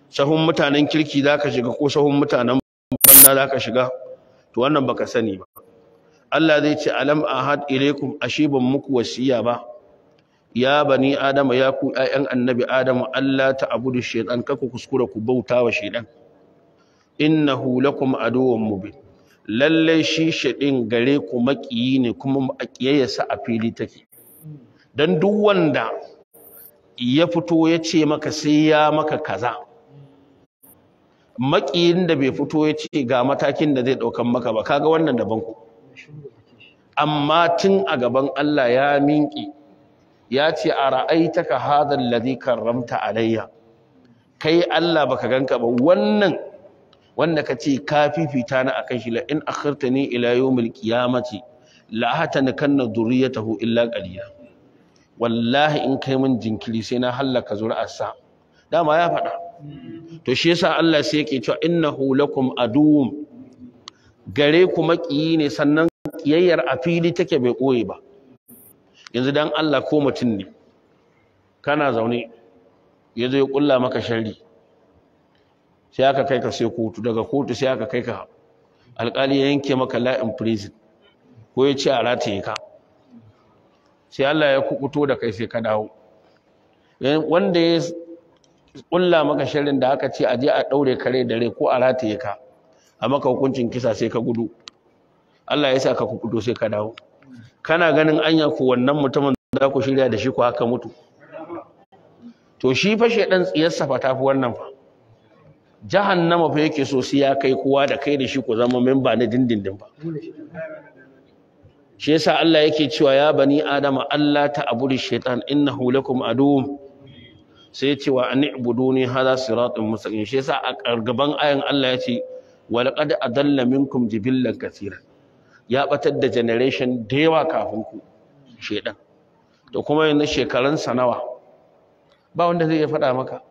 sahun mutanen kirki zaka shiga ko sahun mutanen za zaka shiga to wannan baka sani ba Allah zai ce alam ahad ilaikum ashiban muku wasiya ba ya bani adama ya ku ƴaƴan annabi adamu Allah ta abudu shaytan kaku kuskura ku bauta wa shaytan innahu lakum aduwwun mubin lalle shi din gare ku makiyi ne kuma sa a fili take dan duk wanda ya fito ya ce maka sai ya maka kaza makiyin da bai fito ya ce ga matakin da zai daukan maka ba kaga wannan daban ku amma tun a gaban Allah ya minki ya ce a ra'aitaka hadha alladhi karramta alayya kai Allah baka ganka ba wannan wanda ka ce ka fifita na kan shi la in akhartani ila yawmil qiyamati la ya dhurriyatahu illa qaliya wallahi in kai min jinkiri sai na hallaka zuri'arsa dama ya faɗa to shi yasa Allah sai yake cewa innahu lakum aduwwum gare ku maƙiyi ne sannan ƙiyayyar a fili take bai ɓoye ba yanzu dan Allah ko mutum ne kana zaune ya ya ƙulla maka sharri sai aka kai ka sai kotu daga kotu sai aka kai ka alƙali ya yanke maka la'in prison ko ya ce a rataye ka sai Allah ya kukuto da kai sai ka dawo wanda ya ƙulla maka shirin da aka ce a je a ɗaure kare da rai ko a rataye ka a maka hukuncin kisa sai ka gudu Allah ya sa ka kukuto sai ka dawo kana ganin anya ku wannan mutumin da ku shirya da shi ku haka mutu to shi fa shedan tsiyarsa fa fi wannan fa jahannama fa yake so sai ya kai kowa da kai da shi ku zama memba na dindindin ba shi yasa Allah yake cewa ya bani adama Allah ta aburi shaytan innahu lakum aduwwun sai ce wa an ibuduni hada siratun mustaqim shi yasa a gaban ayan Allah ya ce wa laqad adalla minkum jibillan kaseera ya batar da generation da yawa kafin ku shaytan to kuma yanzu shekarun sanawa ba wanda zai faɗa maka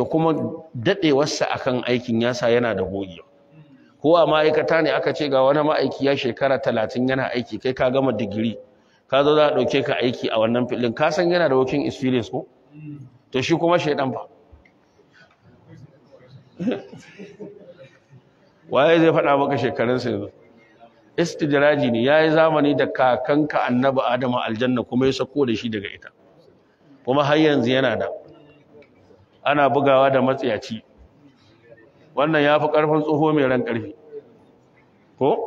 to kuma dadewarsa akan aikin yasa yana da gogewa ko a ma'aikata ne aka ce ga wani ma'aiki ya shekara 30 yana aiki kai ka gama digiri ka zo za a dauke ka aiki a wannan filin ka san yana da working experience ko to shi kuma shedan fa waye zai faɗa maka shekarunsa yanzu istijraji ne yayi zamani da kakanka annabi adamu aljanna kuma ya sako da shi daga ita kuma har yanzu yana da ana bugawa da matsiyaci wannan ya fi ƙarfin tsoho mai ran ƙarfi ko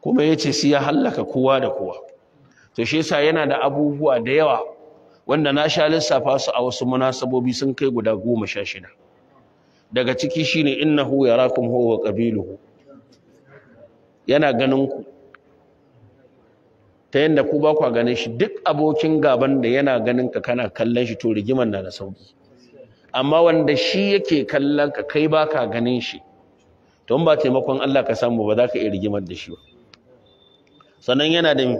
kuma ya ce ya hallaka kowa da kowa to shi yasa yana da abubuwa da yawa wanda na sha lissafa su a wasu munasabobi sun kai guda goma sha shida daga ciki shine innahu yarakum huwa qabiluhu yana ganin ku ta yadda ku ba kwa ganin shi duk abokin gaban da yana ganin ka kana kallon shi to rigiman na da sauki amma wanda shi yake kallon ka kai ba ka ganin shi to ba taimakon Allah ka samu ba za ka iya rigimar da shi ba sannan yana da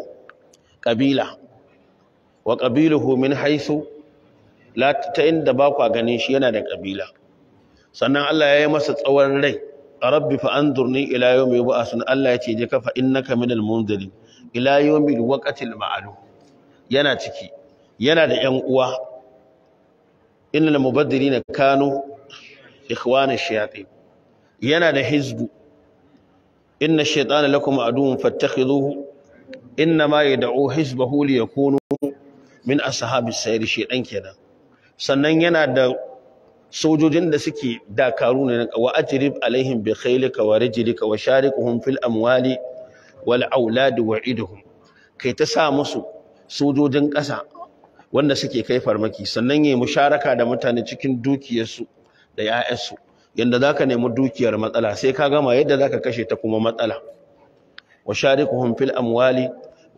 kabila wa kabiluhu min haisu la ta inda ba kwa ganin shi yana da kabila sannan Allah ya yi masa tsawon rai rabbi fa anzurni ila yawmi yub'asun Allah ya ce je ka fa innaka minal munzirin ila yawmil waqtil yana ciki yana da ƴan uwa innal mubaddirina kanu ikhwana shayatin yana da hizbu inna shaytana lakum aduwwun fattakhiduhu innama yad'u hizbahu liyakunu min ashabis sayr shaytan kenan sannan yana da sojojin da suke dakaru ne wa ajrib alaihim bi khaylika wa rijlika wa shariquhum fil amwali wal auladu wa'iduhum kai ta sa musu sojojin ƙasa wanda suke kai farmaki sannan yi musharaka da mutane cikin dukiyarsu da 'ya'yansu yanda zaka nemi dukiyar matsala sai ka gama yadda za ka kashe ta kuma matsala washarikuhum fil amwali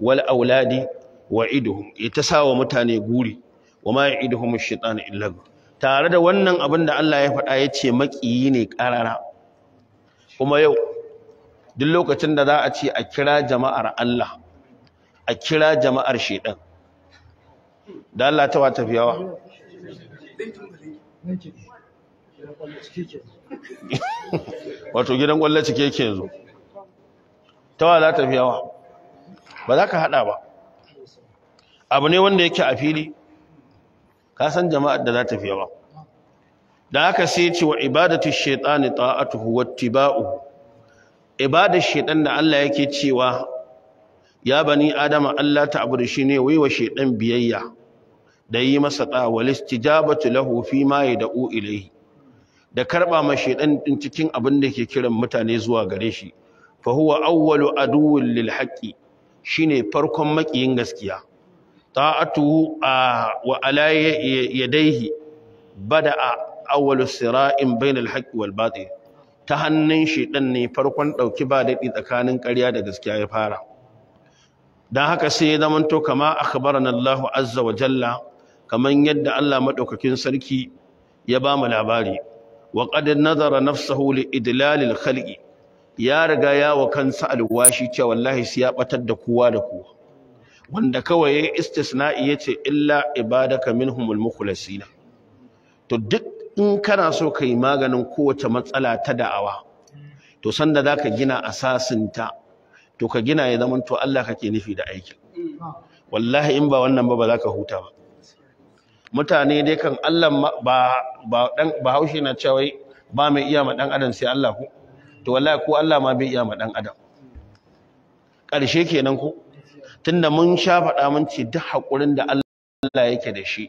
wal auladi ta sa wa mutane guri wama ya'iduhum ash-shaytan illa tare da wannan abin da Allah ya faɗa yace makiyi ne ƙarara, kuma yau duk lokacin da za a ce a kira jama'ar Allah a kira jama'ar shedan da Allah ta wata fiyawa wato gidan kwallo cike yake yanzu ta wa za ta fiyawa ba za ka hada ba abu ne wanda yake a fili ka san jama'ar da za ta fiyawa da haka sai ce wa ibadatu shaitani ta'atuhu wattiba'uhu ibadar shedan da Allah yake cewa ya bani adama Allah ta'budu shine waiwa shedan biyayya da yi masa ta wal istijabatu lahu fi ma yad'u ilayhi da karba ma shedan din cikin abin da yake kiran mutane zuwa gare shi fa huwa awwalu aduwwin lil haqqi shine farkon makiyin gaskiya ta'atuhu wa ala yadayhi bada'a awwalu sira'in bainal haqqi wal batil ta hannun shedan ne farkon ɗauki ba daɗi tsakanin ƙarya da gaskiya ya fara dan haka sai ya zamanto kama akhbarana Allah azza wa jalla kamar yadda Allah maɗaukakin sarki ya ba mu labari wa qad nazara nafsuhu li idlalil khalqi ya riga ya wa kansa alwashi cewa wallahi sai ya batar da kowa da kowa wanda kawai ya istisna'i yace illa ibadaka minhumul mukhlasina to duk in kana so ka yi maganin kowace matsala ta da'awa to sanda za ka gina asasinta to ka gina ya zama to Allah kake nufi da aikin wallahi in ba wannan ba ba za ka huta ba mutane dai kan Allah ba ba dan ba na cewa ba mai iya ma dan adam sai Allah ku to wallahi ko Allah ma bai iya ma dan adam ƙarshe kenan ku tunda mun sha faɗa mun ce duk haƙurin da Allah yake da shi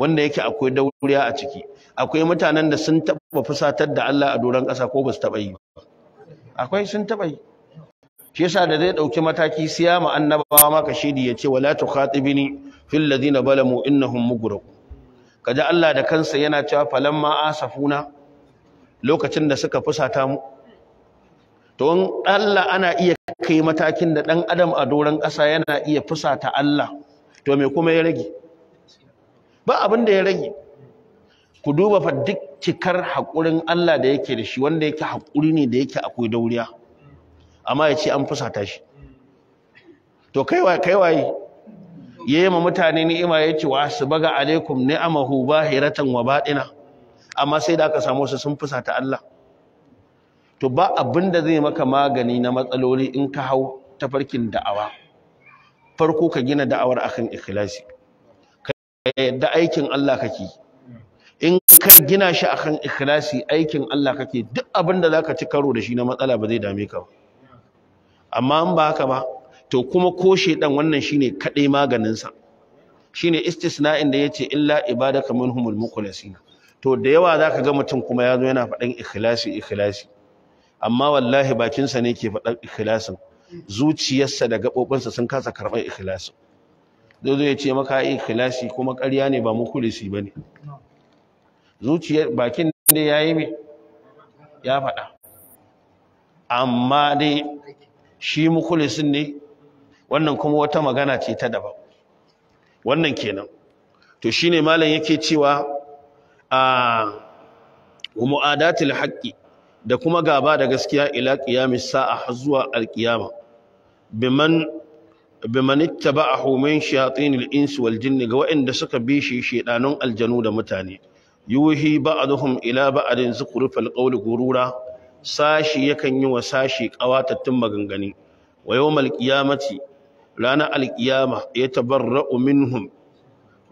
wanda yake akwai dauriya a ciki akwai mutanen da sun taba fusatar da Allah a doron ƙasa ko ba su taba yi akwai sun taba yi shi yasa da zai dauki mataki siya ma annabawa ma ka shidi yace wala tukhatibni fil ladina balamu innahum mugraq kaji Allah da kansa yana cewa falamma asafuna lokacin da suka fusata mu to in Allah ana iya kai matakin da dan adam a doron ƙasa yana iya fusata Allah to me kuma ya rage ba abin da ya rage ku duba fa duk cikar haƙurin Allah da yake da shi wanda yake haƙuri ne da yake akwai dauriya amma ya ce an fusata shi to kai kai kaiwaye yayi ma mutane ima yace wa subaga alaikum ni'amahu bahiratan wa baɗina amma sai da aka samu su sun fusata Allah to ba abin da zai maka magani na matsaloli in ka hau ta farkin da'awa farko ka gina da'awar akan ikhlasi da aikin Allah kake in ka gina shi akan ikhlasi aikin Allah kake duk abin da za ka ci karo da shi na matsala ba zai dame ka amma in ba haka ba to kuma ko shedan wannan shine kadai maganin sa shine istisna'in da yace illa ibadaka minhumul mukhlasina to da yawa zaka ga mutum kuma yazo yana faɗan ikhlasi ikhlasi amma wallahi bakin sa ne ke faɗan ikhlasin zuciyarsa da gabobinsa sun kasa karɓar ikhlasin zai zo ya ce maka ikhlasi kuma karya ne ba mukulisi ba ne zuciyar bakin da ya yi mai ya faɗa amma dai shi mukulisin ne wannan kuma wata magana ce ta daba. wannan kenan to shi ne malam yake cewa a mu'adatul haƙƙi. da kuma gaba da gaskiya ila ƙiyamisa sa'a har zuwa alƙiyama. biman biman a min shayatinil insi wal jinni ga waɗanda suka bi shi shedanun aljanu da mutane yuhi ba'dhum ila zuku rufe qawli gurura sashi yakan yi wa sashi qawatattun magangani wa yawmal qiyamati rana alqiyama yatabarra'u minhum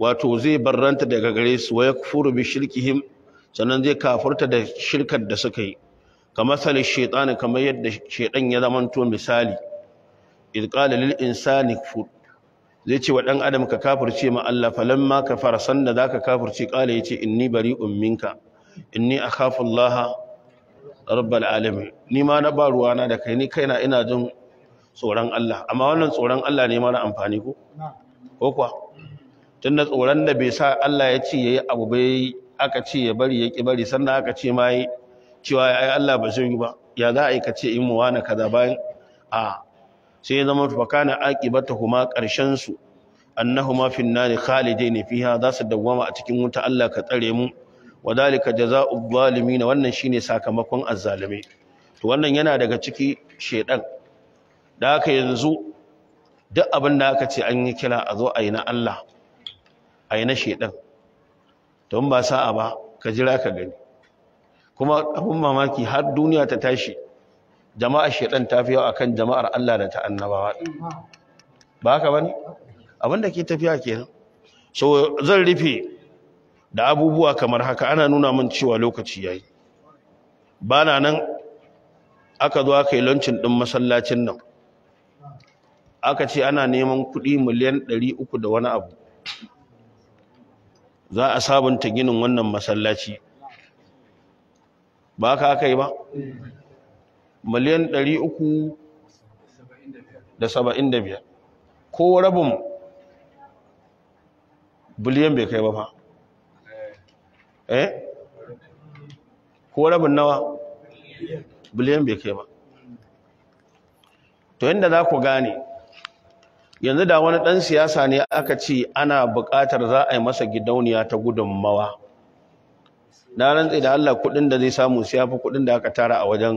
wato zai barranta daga gare su wa yakfuru bi shirkihim sannan zai kafurta da shirkar da suka yi ka salin shaytan kamar yadda shaytan ya zamanto misali ilqala lil insani zai ce wa dan adam ka kafirce ma Allah falamma za sanda zaka kafirce qala yace inni bari minka inni akhafu Allah rabbal alamin ni ma na bar'uwa na, da kai ni kaina ina jin tsoron Allah amma wannan tsoron Allah ne mara amfani ko ko kuwa tunda tsoron da bai sa Allah ya ce yi abu bai aka ce ya bari ya ƙi bari sannan aka ce mai cewa yi Allah ba zai yi ba ya za a yi ka ce in mu na kaza bayan a sai zama fakana aqibatahuma karshen su annahuma fin nar ne, fiha za su dawwama a cikin wuta Allah ka tsare mu wadalika jazaa'u zalimin wannan shine sakamakon azzalime to wannan yana daga ciki shedan da haka yanzu duk abin da aka ce an yi kira a zo a yi na Allah a yi na shedan to ba sa'a ba ka jira ka gani kuma abin mamaki har duniya ta tashi jama'ar shaitan ta fi yawa kan jama'ar Allah da ta annabawa ba haka ba ne da ke tafiya kenan so zan rufe da abubuwa kamar haka ana nuna min cewa lokaci yayi na nan aka zo a yi lancin ɗin masallacin nan aka ce ana neman kuɗi miliyan 300 da wani abu za a sabunta ginin wannan masallaci ba ka aka yi ba miliyan 375 ko rabin biliyan bai kai ba fa eh ko rabin nawa biliyan bai kai ba to yadda za ku gane yanzu da wani ɗan siyasa ne aka ce ana buƙatar za a yi masa gidauniya ta gudunmawa na rantsi da Allah kuɗin da zai samu siya fi kuɗin da aka tara a wajen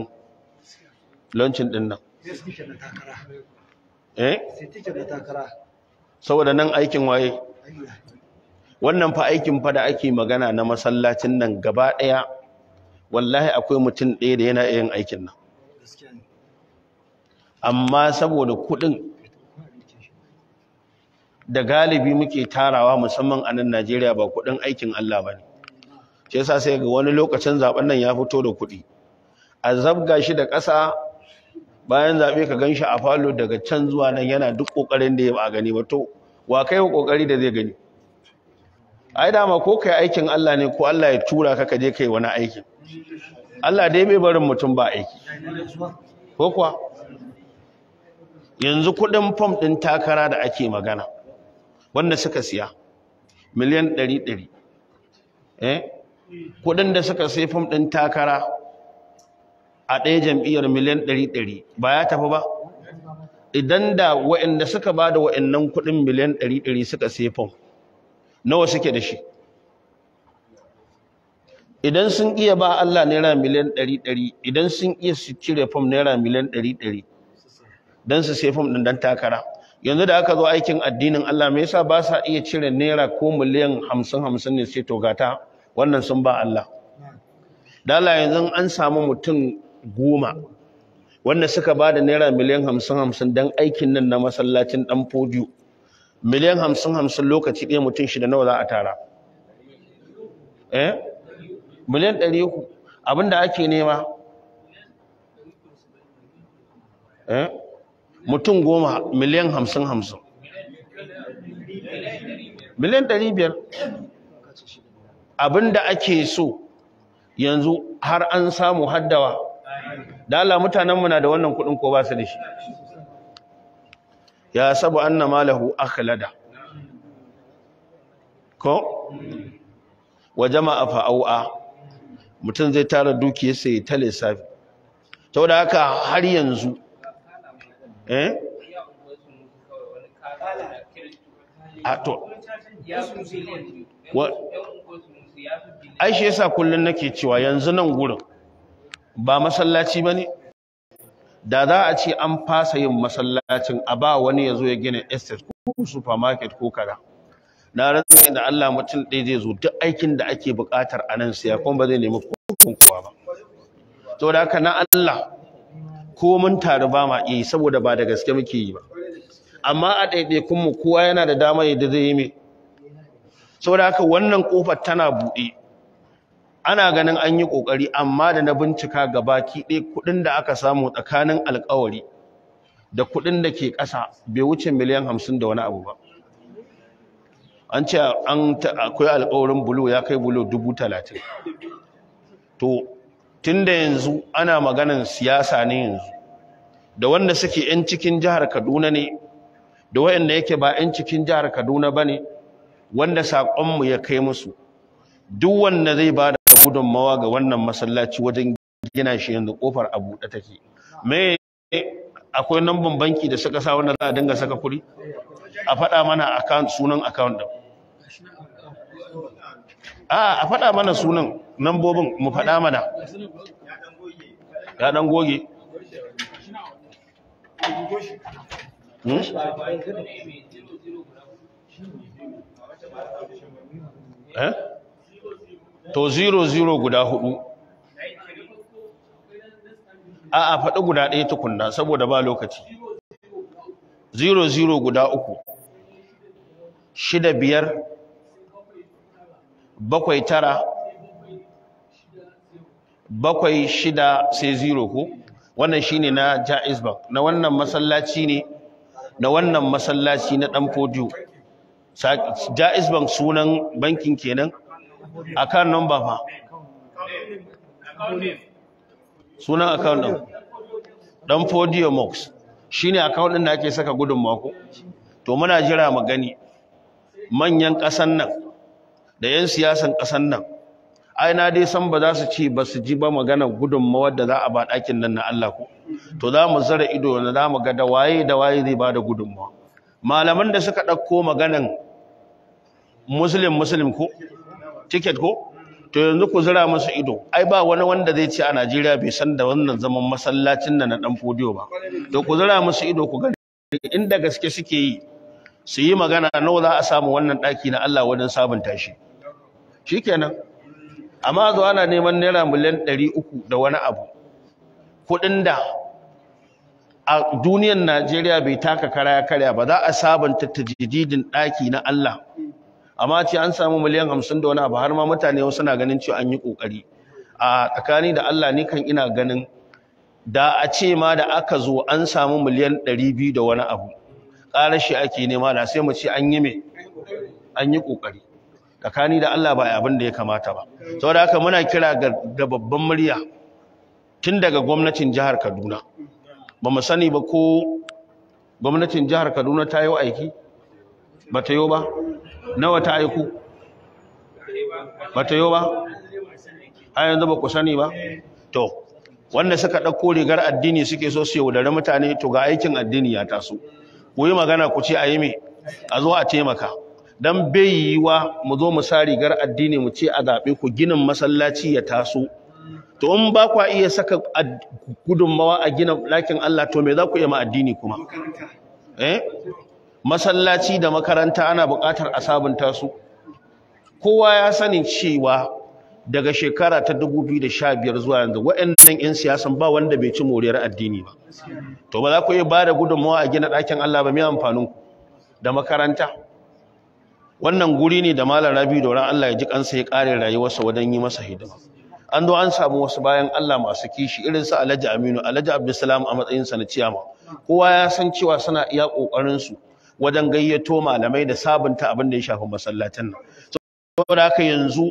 lancin din nan eh saboda nan aikin waye wannan fa aikin fa da ake magana na masallacin nan gaba ɗaya, wallahi akwai mutum ɗaya da yana yin aikin nan amma saboda kuɗin da galibi muke tarawa musamman a nan Najeriya ba kuɗin aikin Allah ba ne shi yasa sai ga wani lokacin zaben nan ya fito da kuɗi a zabga shi da ƙasa bayan zaɓe ka gan shi a falo daga can zuwa nan yana duk ƙoƙarin da ya ba gani ba to wa kai wa ƙoƙari da zai gani ai dama ko kai aikin Allah ne ko Allah ya tura ka kaje kai wani aiki Allah dai bai barin mutum ba aiki ko kuwa yanzu kuɗin fom ɗin takara da ake magana wanda suka siya miliyan ɗari ɗari eh kuɗin da suka sai fom ɗin takara a ɗaya jam'iyyar miliyan ɗari ɗari ba ya tafi ba idan da waɗanda suka ba da waɗannan kuɗin miliyan ɗari ɗari suka sefon nawa suke da shi idan sun iya ba Allah naira miliyan ɗari ɗari idan sun iya su cire fom naira miliyan ɗari ɗari don su sefon fom ɗin don takara yanzu da aka zo aikin addinin Allah me yasa ba sa iya cire naira ko miliyan hamsin hamsin ne sai to gata wannan sun ba Allah da Allah yanzu an samu mutum goma wanda suka ba da naira miliyan hamsin hamsin don aikin nan na masallacin ɗan fodiyo miliyan hamsin hamsin lokaci ɗaya mutum shida nawa za a tara eh miliyan ɗari uku abinda ake nema eh mutum goma miliyan hamsin hamsin miliyan ɗari biyar abinda ake so yanzu har an samu haddawa da Allah mutanenmu na da wannan kuɗin ko ba su da shi ya sabu anna malahu akhlada ko wa jama'a fa'au'a mutum zai tara dukiyar sai ta lissafi to da haka har yanzu eh a to ai shi yasa kullun nake cewa yanzu nan gurin ba masallaci ba ne da za a ce an fasa yin masallacin a ba wani ya zo ya gina estate ko supermarket ko kara na rantsa da Allah mutum ɗaya zai zo duk aikin da ake buƙatar a nan siya kuma ba zai nemi kukun kowa ba to da haka na Allah ko mun taru ba ma yi saboda ba da gaske muke yi ba amma a ɗaiɗaikun mu kowa yana da dama yadda zai yi mai saboda haka wannan kofar tana buɗe ana ganin an yi ƙoƙari amma da na bincika gabaki ɗaya kuɗin da aka samu tsakanin alƙawari da kuɗin da ke ƙasa bai wuce miliyan hamsin da wani abu ba an ce an akwai alƙawarin bulo ya kai bulo dubu talatin to tun da yanzu ana maganin siyasa ne yanzu da wanda suke 'yan cikin jihar kaduna ne da waɗanda yake ba 'yan cikin jihar kaduna ba ne wanda saƙonmu ya kai musu duk wanda zai ba gudunmawa ga wannan masallaci wajen gina shi yanzu kofar a buɗe take me akwai namban banki da suka sa wanda za a dinga saka kuɗi a faɗa mana account sunan account din a a faɗa mana sunan nambobin mu faɗa mana ya dan goge hmm? eh to 00 guda hudu a a faɗi guda ɗaya tukunna saboda ba lokaci 00 guda uku shida biyar bakwai tara bakwai shida sai zero ko wannan shine na Jaiz Bank na wannan masallaci ne na wannan masallaci na Dan Fodio Jaiz Bank sunan bankin kenan akan number fa sunan account din dan podio mox shine account din da ake saka gudun mako to muna jira mu gani manyan kasan nan da yan siyasan kasan nan ai na dai san ba za su ci ba su ji ba magana ma da za a ba ɗakin nan na Allah ko to za mu zara ido na za mu ga da waye da waye zai ba da ma malaman da suka ɗauko maganan muslim muslim ko ticket ko to yanzu ku zira musu ido ai ba wani wanda zai ci a Najeriya bai san da wannan zaman masallacin nan na dan podio ba to ku zira musu ido ku gani inda gaske suke yi su yi magana nawa za a samu wannan daki na Allah wajen sabunta shi shikenan amma zo ana neman naira miliyan 300 da wani abu kudin da a duniyar Najeriya bai taka kara ya karya ba za a sabunta tajididin daki na Allah amma ce an samu miliyan hamsin da wani abu har ma mutane wasu na ganin cewa an yi kokari a tsakani da Allah ni kan ina ganin da a ce ma da aka zo an samu miliyan ɗari biyu da wani abu Ƙara shi ake nema da sai mu ce an yi me an yi ƙoƙari tsakani da Allah ba abin da ya kamata ba saboda haka muna kira ga babban murya tun daga gwamnatin jihar Kaduna ba mu sani ba ko gwamnatin jihar Kaduna ta yi aiki ba ta yi ba nawa ta aiku ba yi ba a yanzu ba ku sani ba to wanda suka ɗauko rigar addini suke so su yaudari mutane to ga aikin addini ya taso ku yi magana ku ce a yi me a zo a taimaka don bai yi wa mu zo mu sa rigar addini mu ce a zaɓe ku ginin masallaci ya taso to in ba kwa iya saka gudunmawa a gina lakin Allah to me za ku yi ma addini kuma eh? masallaci da makaranta ana buƙatar a sabunta su kowa ya sani cewa daga shekara ta 2015 zuwa yanzu waɗannan 'yan siyasan ba wanda bai ci moriyar addini ba to ba za ku iya bada gudunmawa a gina ɗakin Allah ba mai amfanin ku da makaranta wannan guri ne da malam Rabi wurin Allah ya ji kansa ya kare rayuwarsa wajen yi masa hidima an zo an samu wasu bayan Allah masu kishi irin su Alhaji Aminu Alhaji Abdulsalam a matsayin sa na ciyama kowa ya san cewa suna iya kokarin su wajen gayyato malamai da sabunta abin da ya shafi masallatan nan saboda haka yanzu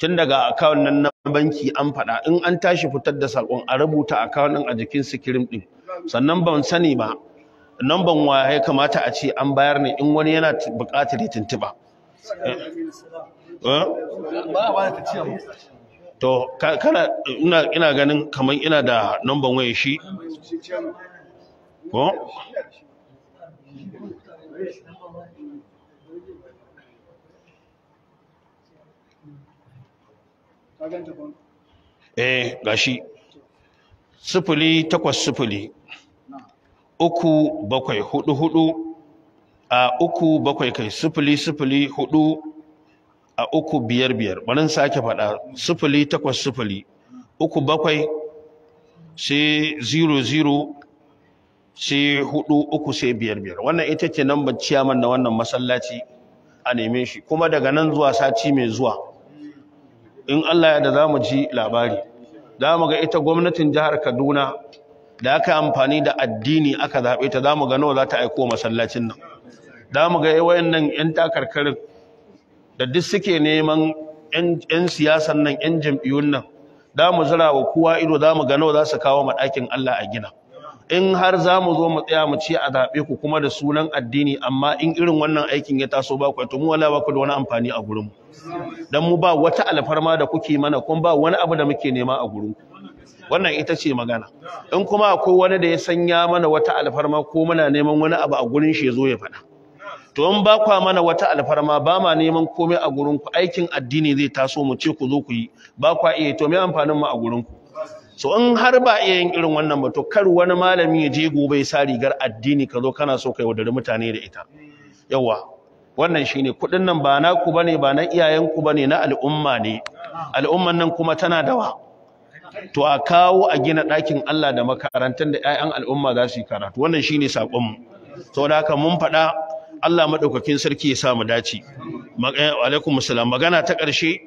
tun daga akawun nan na banki an faɗa in an tashi fitar da sakon a rubuta akawun din a jikin sikirim din sannan ban sani ba nan ban wa ya kamata a ce an bayar ne in wani yana buƙatar ya tuntuɓa eh? to kana ina ina ganin kamar ina da number waya shi ko eh gashi sifili takwas sifili uku bakwai hudu hudu a uku bakwai kai sifili sifili hudu a uku biyar biyar barin sake faɗa sifili takwas sifili uku bakwai sai zero zero sai hudu uku sai biyar biyar wannan ita ce nan ciyaman na wannan masallaci a neme shi kuma daga nan zuwa sati mai zuwa in Allah ya da za mu ji labari za mu ga ita gwamnatin jihar Kaduna da aka amfani da addini aka zaɓe ta za mu ga nawa za ta aiko masallacin nan za mu ga wayannan yan takarkarin da duk suke neman yan siyasan nan yan jam'iyyun nan za mu zira wa kowa ido za mu ga nawa za su kawo madakin Allah a gina in har za mu zo mu tsaya mu ce a zaɓe ku kuma da sunan addini amma in irin wannan aikin ya taso ba ku to mu wala ba ku da wani amfani a gurin dan mu ba wata alfarma da kuke mana kun ba wani abu da muke nema a gurin wannan ita ce magana in kuma akwai wani da ya sanya mana wata alfarma ko muna neman wani abu a gurin shi zo ya faɗa to in ba kwa mana wata alfarma ba ma neman komai a gurin aikin addini zai taso mu ce ku zo ku yi ba kwa iya to me amfanin mu a gurinku? so in har ba iya yin irin wannan ba to kar wani malami ya je gobe ya sa rigar addini ka zo kana so ka yaudari mutane da ita yawa wannan shine kudin nan ba ku bane ba na iyayenku bane na al'umma ne al'umman nan kuma tana dawa to a kawo a gina ɗakin Allah da makarantar da ƴaƴan al'umma za su yi karatu wannan shine sakon mu saboda haka mun faɗa Allah madaukakin sarki ya sa mu dace eh, alaikum assalam magana ta ƙarshe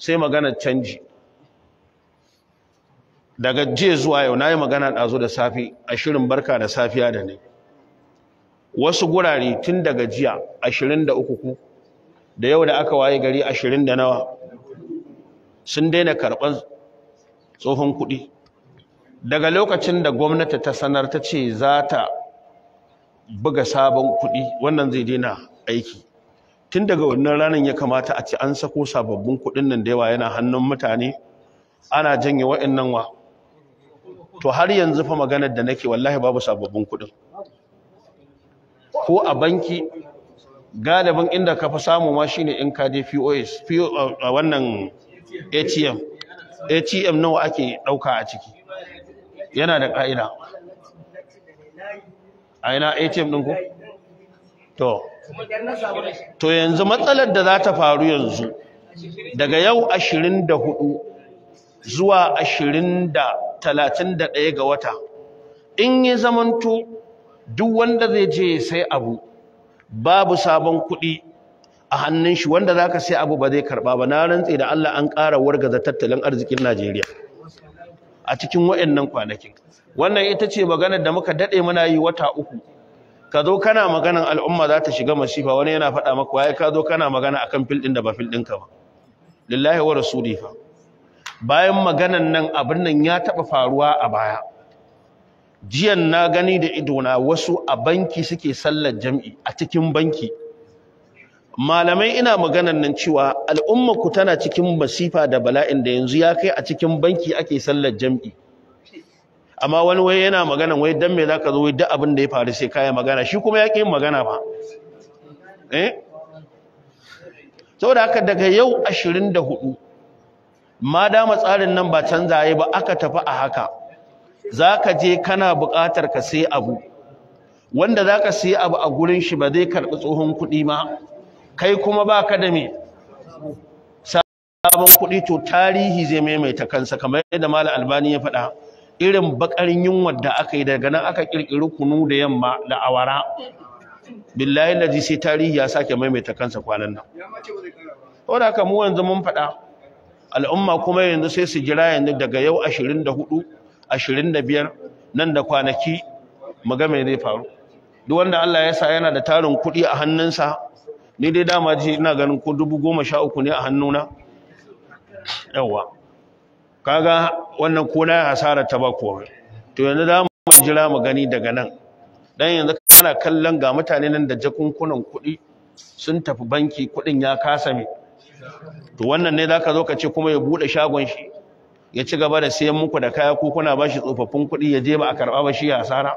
sai magana canji daga jiya zuwa yau na yi magana ɗazu da safi a shirin barka da safiya da ne wasu gurare tun daga jiya ashirin da da yau da aka waye gari ashirin da nawa sun daina karɓar tsohon kuɗi daga lokacin da gwamnati ta sanar ta ce za ta buga sabon kuɗi wannan zai daina aiki tun daga wannan ranar ya kamata a ci an sako sababbin kuɗin nan da yawa yana hannun mutane ana janye wa'annan wa to har yanzu fa maganar da nake wallahi babu sababbin kuɗi? ko a banki galibin inda ka fi samu ma shine in ka je POS a wannan ATM ATM nawa ake ɗauka a ciki yana da ƙa'ida a ina ATM din ko? to to yanzu matsalar da za ta faru yanzu daga yau 24 zuwa ashirin da talatin da ɗaya ga wata in yi zamantu duk wanda zai je sai abu babu sabon kuɗi a hannun shi wanda za ka sai abu ba zai karɓa ba na rantse da Allah an ƙara wargaza tattalin arzikin Najeriya a cikin waɗannan kwanakin wannan ita ce maganar da muka daɗe muna yi wata uku ka zo kana maganan al'umma za ta shiga masifa wani yana faɗa maka waye ka zo kana magana akan fil ɗin da ba fil ɗinka ba lillahi wa fa bayan maganan nan abin nan ya taɓa faruwa a baya jiyan na gani da idona wasu a banki suke sallar jam'i a cikin banki malamai ina maganan nan cewa al'umma ku tana cikin masifa da bala'in da yanzu ya kai a cikin banki ake sallar jam'i amma wani wai yana maganan wai dan me zaka zo da duk abin da ya faru sai kai magana shi kuma ya magana ba eh saboda haka daga yau 24 ma dama tsarin nan ba canza yayi ba aka tafi a haka zaka je kana buƙatar ka sai abu wanda zaka sai abu a gurin shi ba zai karɓi tsohon kuɗi ma kai kuma baka da me sabon kuɗi to tarihi zai maimaita kansa kamar yadda malam albani ya faɗa irin bakarin yunwar da aka yi daga nan aka kirkiri kunu da yamma da awara billahi laji sai tarihi ya sake maimaita kansa kwanan nan da haka mu yanzu mun faɗa al'umma kuma yanzu sai su jira yanzu daga yau 24 25 nan da kwanaki mu zai faru duk wanda Allah ya sa yana da tarin kuɗi a hannunsa ni dai dama ji ina ganin ko dubu goma sha uku ne a hannuna yawa kaga wannan ko na hasara ta ba to yanzu za mu jira mu gani daga nan dan yanzu kana kallon ga mutane nan da jakunkunan kuɗi sun tafi banki kuɗin ya kasa mai to wannan ne zaka zo ka ce kuma ya bude shagon shi ya ci gaba da sayan muku da kaya ko kuna bashi tsofaffin kuɗi ya je ba a karɓa ba shi ya asara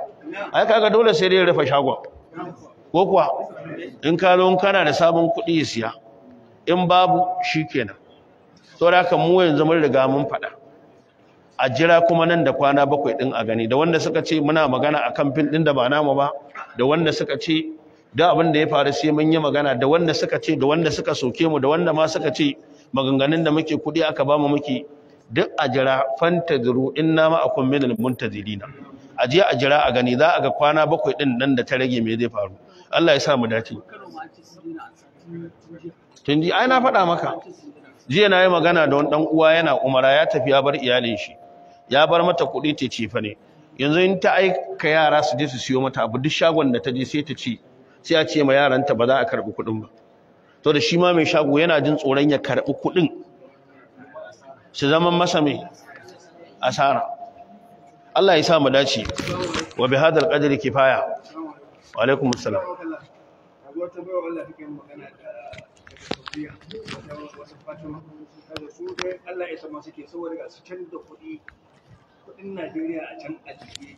ai kaga dole sai dai ya rufe shagon ko kuwa in ka zo kana da sabon kuɗi ya siya in babu shikenan da haka mu yanzu mun riga mun faɗa a jira kuma nan da kwana bakwai din a gani da wanda suka ce muna magana a kamfin din da ba namu ba da wanda suka ce da abin da ya faru sai mun yi magana da wanda suka ce da wanda suka soke mu da wanda ma suka ce maganganun da muke kudi aka ba mu muke duk a jira fantaziru inna ma akum min almuntazirina a je a jira a gani za a ga kwana bakwai din nan da ta rage me zai faru Allah ya sa mu dace tun ji ai na faɗa maka jiya na yi magana da wani ɗan uwa yana umara ya tafi ya bar iyalin shi ya bar mata kuɗi ta ce fa ne yanzu in ta aika yara su je su siyo mata abu duk shagon da ta je sai ta ce sai a ce ma yaranta ba za a karɓi kuɗin ba to da shi ma mai shago yana jin tsoron ya karɓi kuɗin su zama masa mai asara Allah ya sa mu dace wa bi hadal qadri kifaya wa alaikum assalam Allah ya sa mu suke saboda ga su can da kuɗi kuɗin Najeriya a can a jiki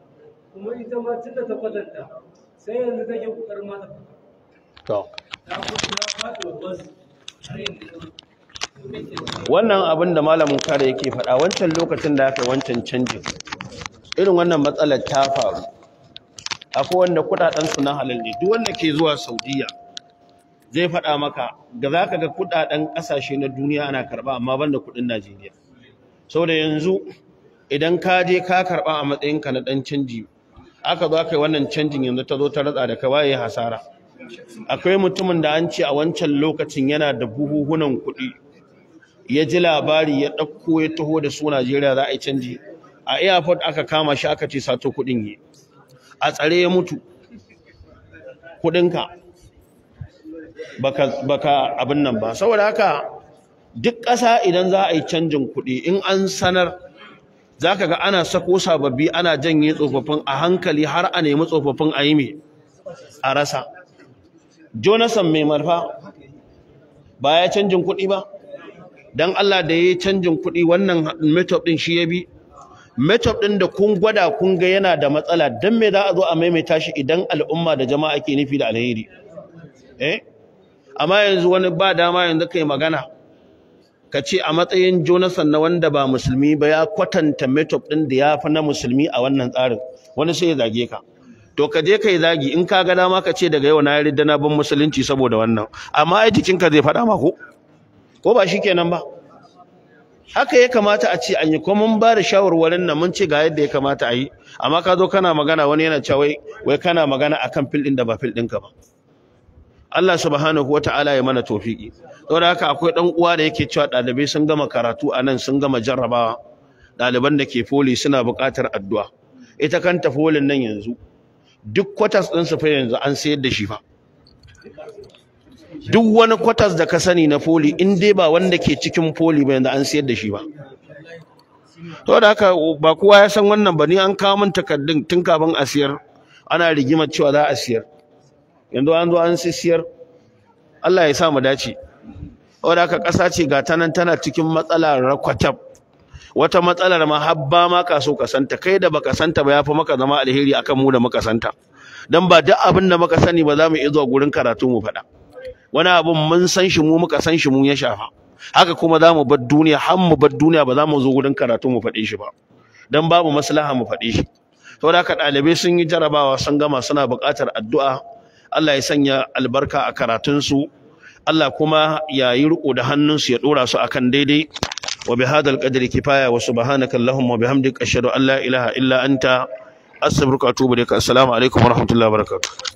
wannan abin da malamin kare yake faɗa wancan lokacin da aka wancan canjin irin wannan matsalar ta faru akwai wanda su na halal ne duk wanda ke zuwa saudiya zai faɗa maka ga za ka ga kudaden ƙasashe na duniya ana karɓa amma banda kuɗin najeriya sau da yanzu idan ka je ka karɓa a matsayinka na ɗan canji aka zo aka yi wannan canjin yanzu ta zo ta ratsa da kawai ya hasara akwai mutumin da an ce a wancan lokacin yana da buhuhunan kuɗi ya ji labari ya ɗauko ya taho da su Najeriya za a yi canji a airport aka kama shi aka ce sato kuɗin yi a tsare ya mutu kuɗinka baka baka abin nan ba saboda haka duk ƙasa idan za a yi canjin kuɗi in an sanar zaka ga ana sako sababbi ana janye tsofaffin a hankali har a nemi tsofaffin a yi me a rasa Jonathan mai marfa ba ya canjin kuɗi ba Don Allah da ya yi canjin kuɗi wannan method ɗin shi ya bi method ɗin da kun gwada kun ga yana da matsala don me za a zo a maimaita shi idan al'umma da jama'a ke nufi da alheri eh amma yanzu wani ba dama yanzu kai magana ka ce a matsayin Jonathan na wanda ba musulmi ba ya kwatanta metop ɗin da ya fi na musulmi a wannan tsarin wani sai ya zage ka to ka je kai zagi in ka ga dama ka ce daga yau na yarda na ban musulunci saboda wannan amma ai jikinka zai fada ma ko ko ba shikenan ba haka ya kamata a ce an yi kuma mun ba da shawarwarin na mun ce ga yadda ya kamata a yi amma ka zo kana magana wani yana cewa wai kana magana akan fil din da ba fil ɗinka ba Allah subhanahu ta'ala ya mana tofiki saboda haka akwai dan uwa da yake cewa dalibai sun gama karatu a nan sun gama jarrabawa daliban da ke foli suna buƙatar addu'a ita kanta folin nan yanzu duk kwatas din su fa yanzu an sayar da shi fa duk wani kwatas da ka sani na foli in dai ba wanda ke cikin foli ba yanzu an sayar da shi ba to da haka ba kowa ya san wannan ba ni an kawo min takardun tun kafin a siyar ana rigimar cewa za a siyar yanzu an zo an siyar Allah ya sa mu dace wadda aka ƙasa ce ga ta tana cikin matsalar rakwatab wata matsalar ma habba ma ka so ka kai da baka santa ba fi maka zama alheri akan mu da muka santa dan ba duk abin da muka sani ba za mu iya zuwa gurin karatu mu faɗa wani abin mun san shi mu muka san shi mu ya shafa haka kuma za mu bar duniya har mu bar duniya ba za mu zo gurin karatu mu faɗe shi ba dan babu maslaha mu faɗe shi da ka ɗalibai sun yi jarabawa sun gama suna buƙatar addu'a Allah ya sanya albarka a karatunsu su Allah kuma ya yi riko da hannunsu ya dora su akan daidai wa bihadal qadri kifaya wa subhanaka allahumma wa bihamdika ashhadu an la ilaha illa anta astaghfiruka wa atubu ilaik assalamu alaikum wa rahmatullahi wa barakatuh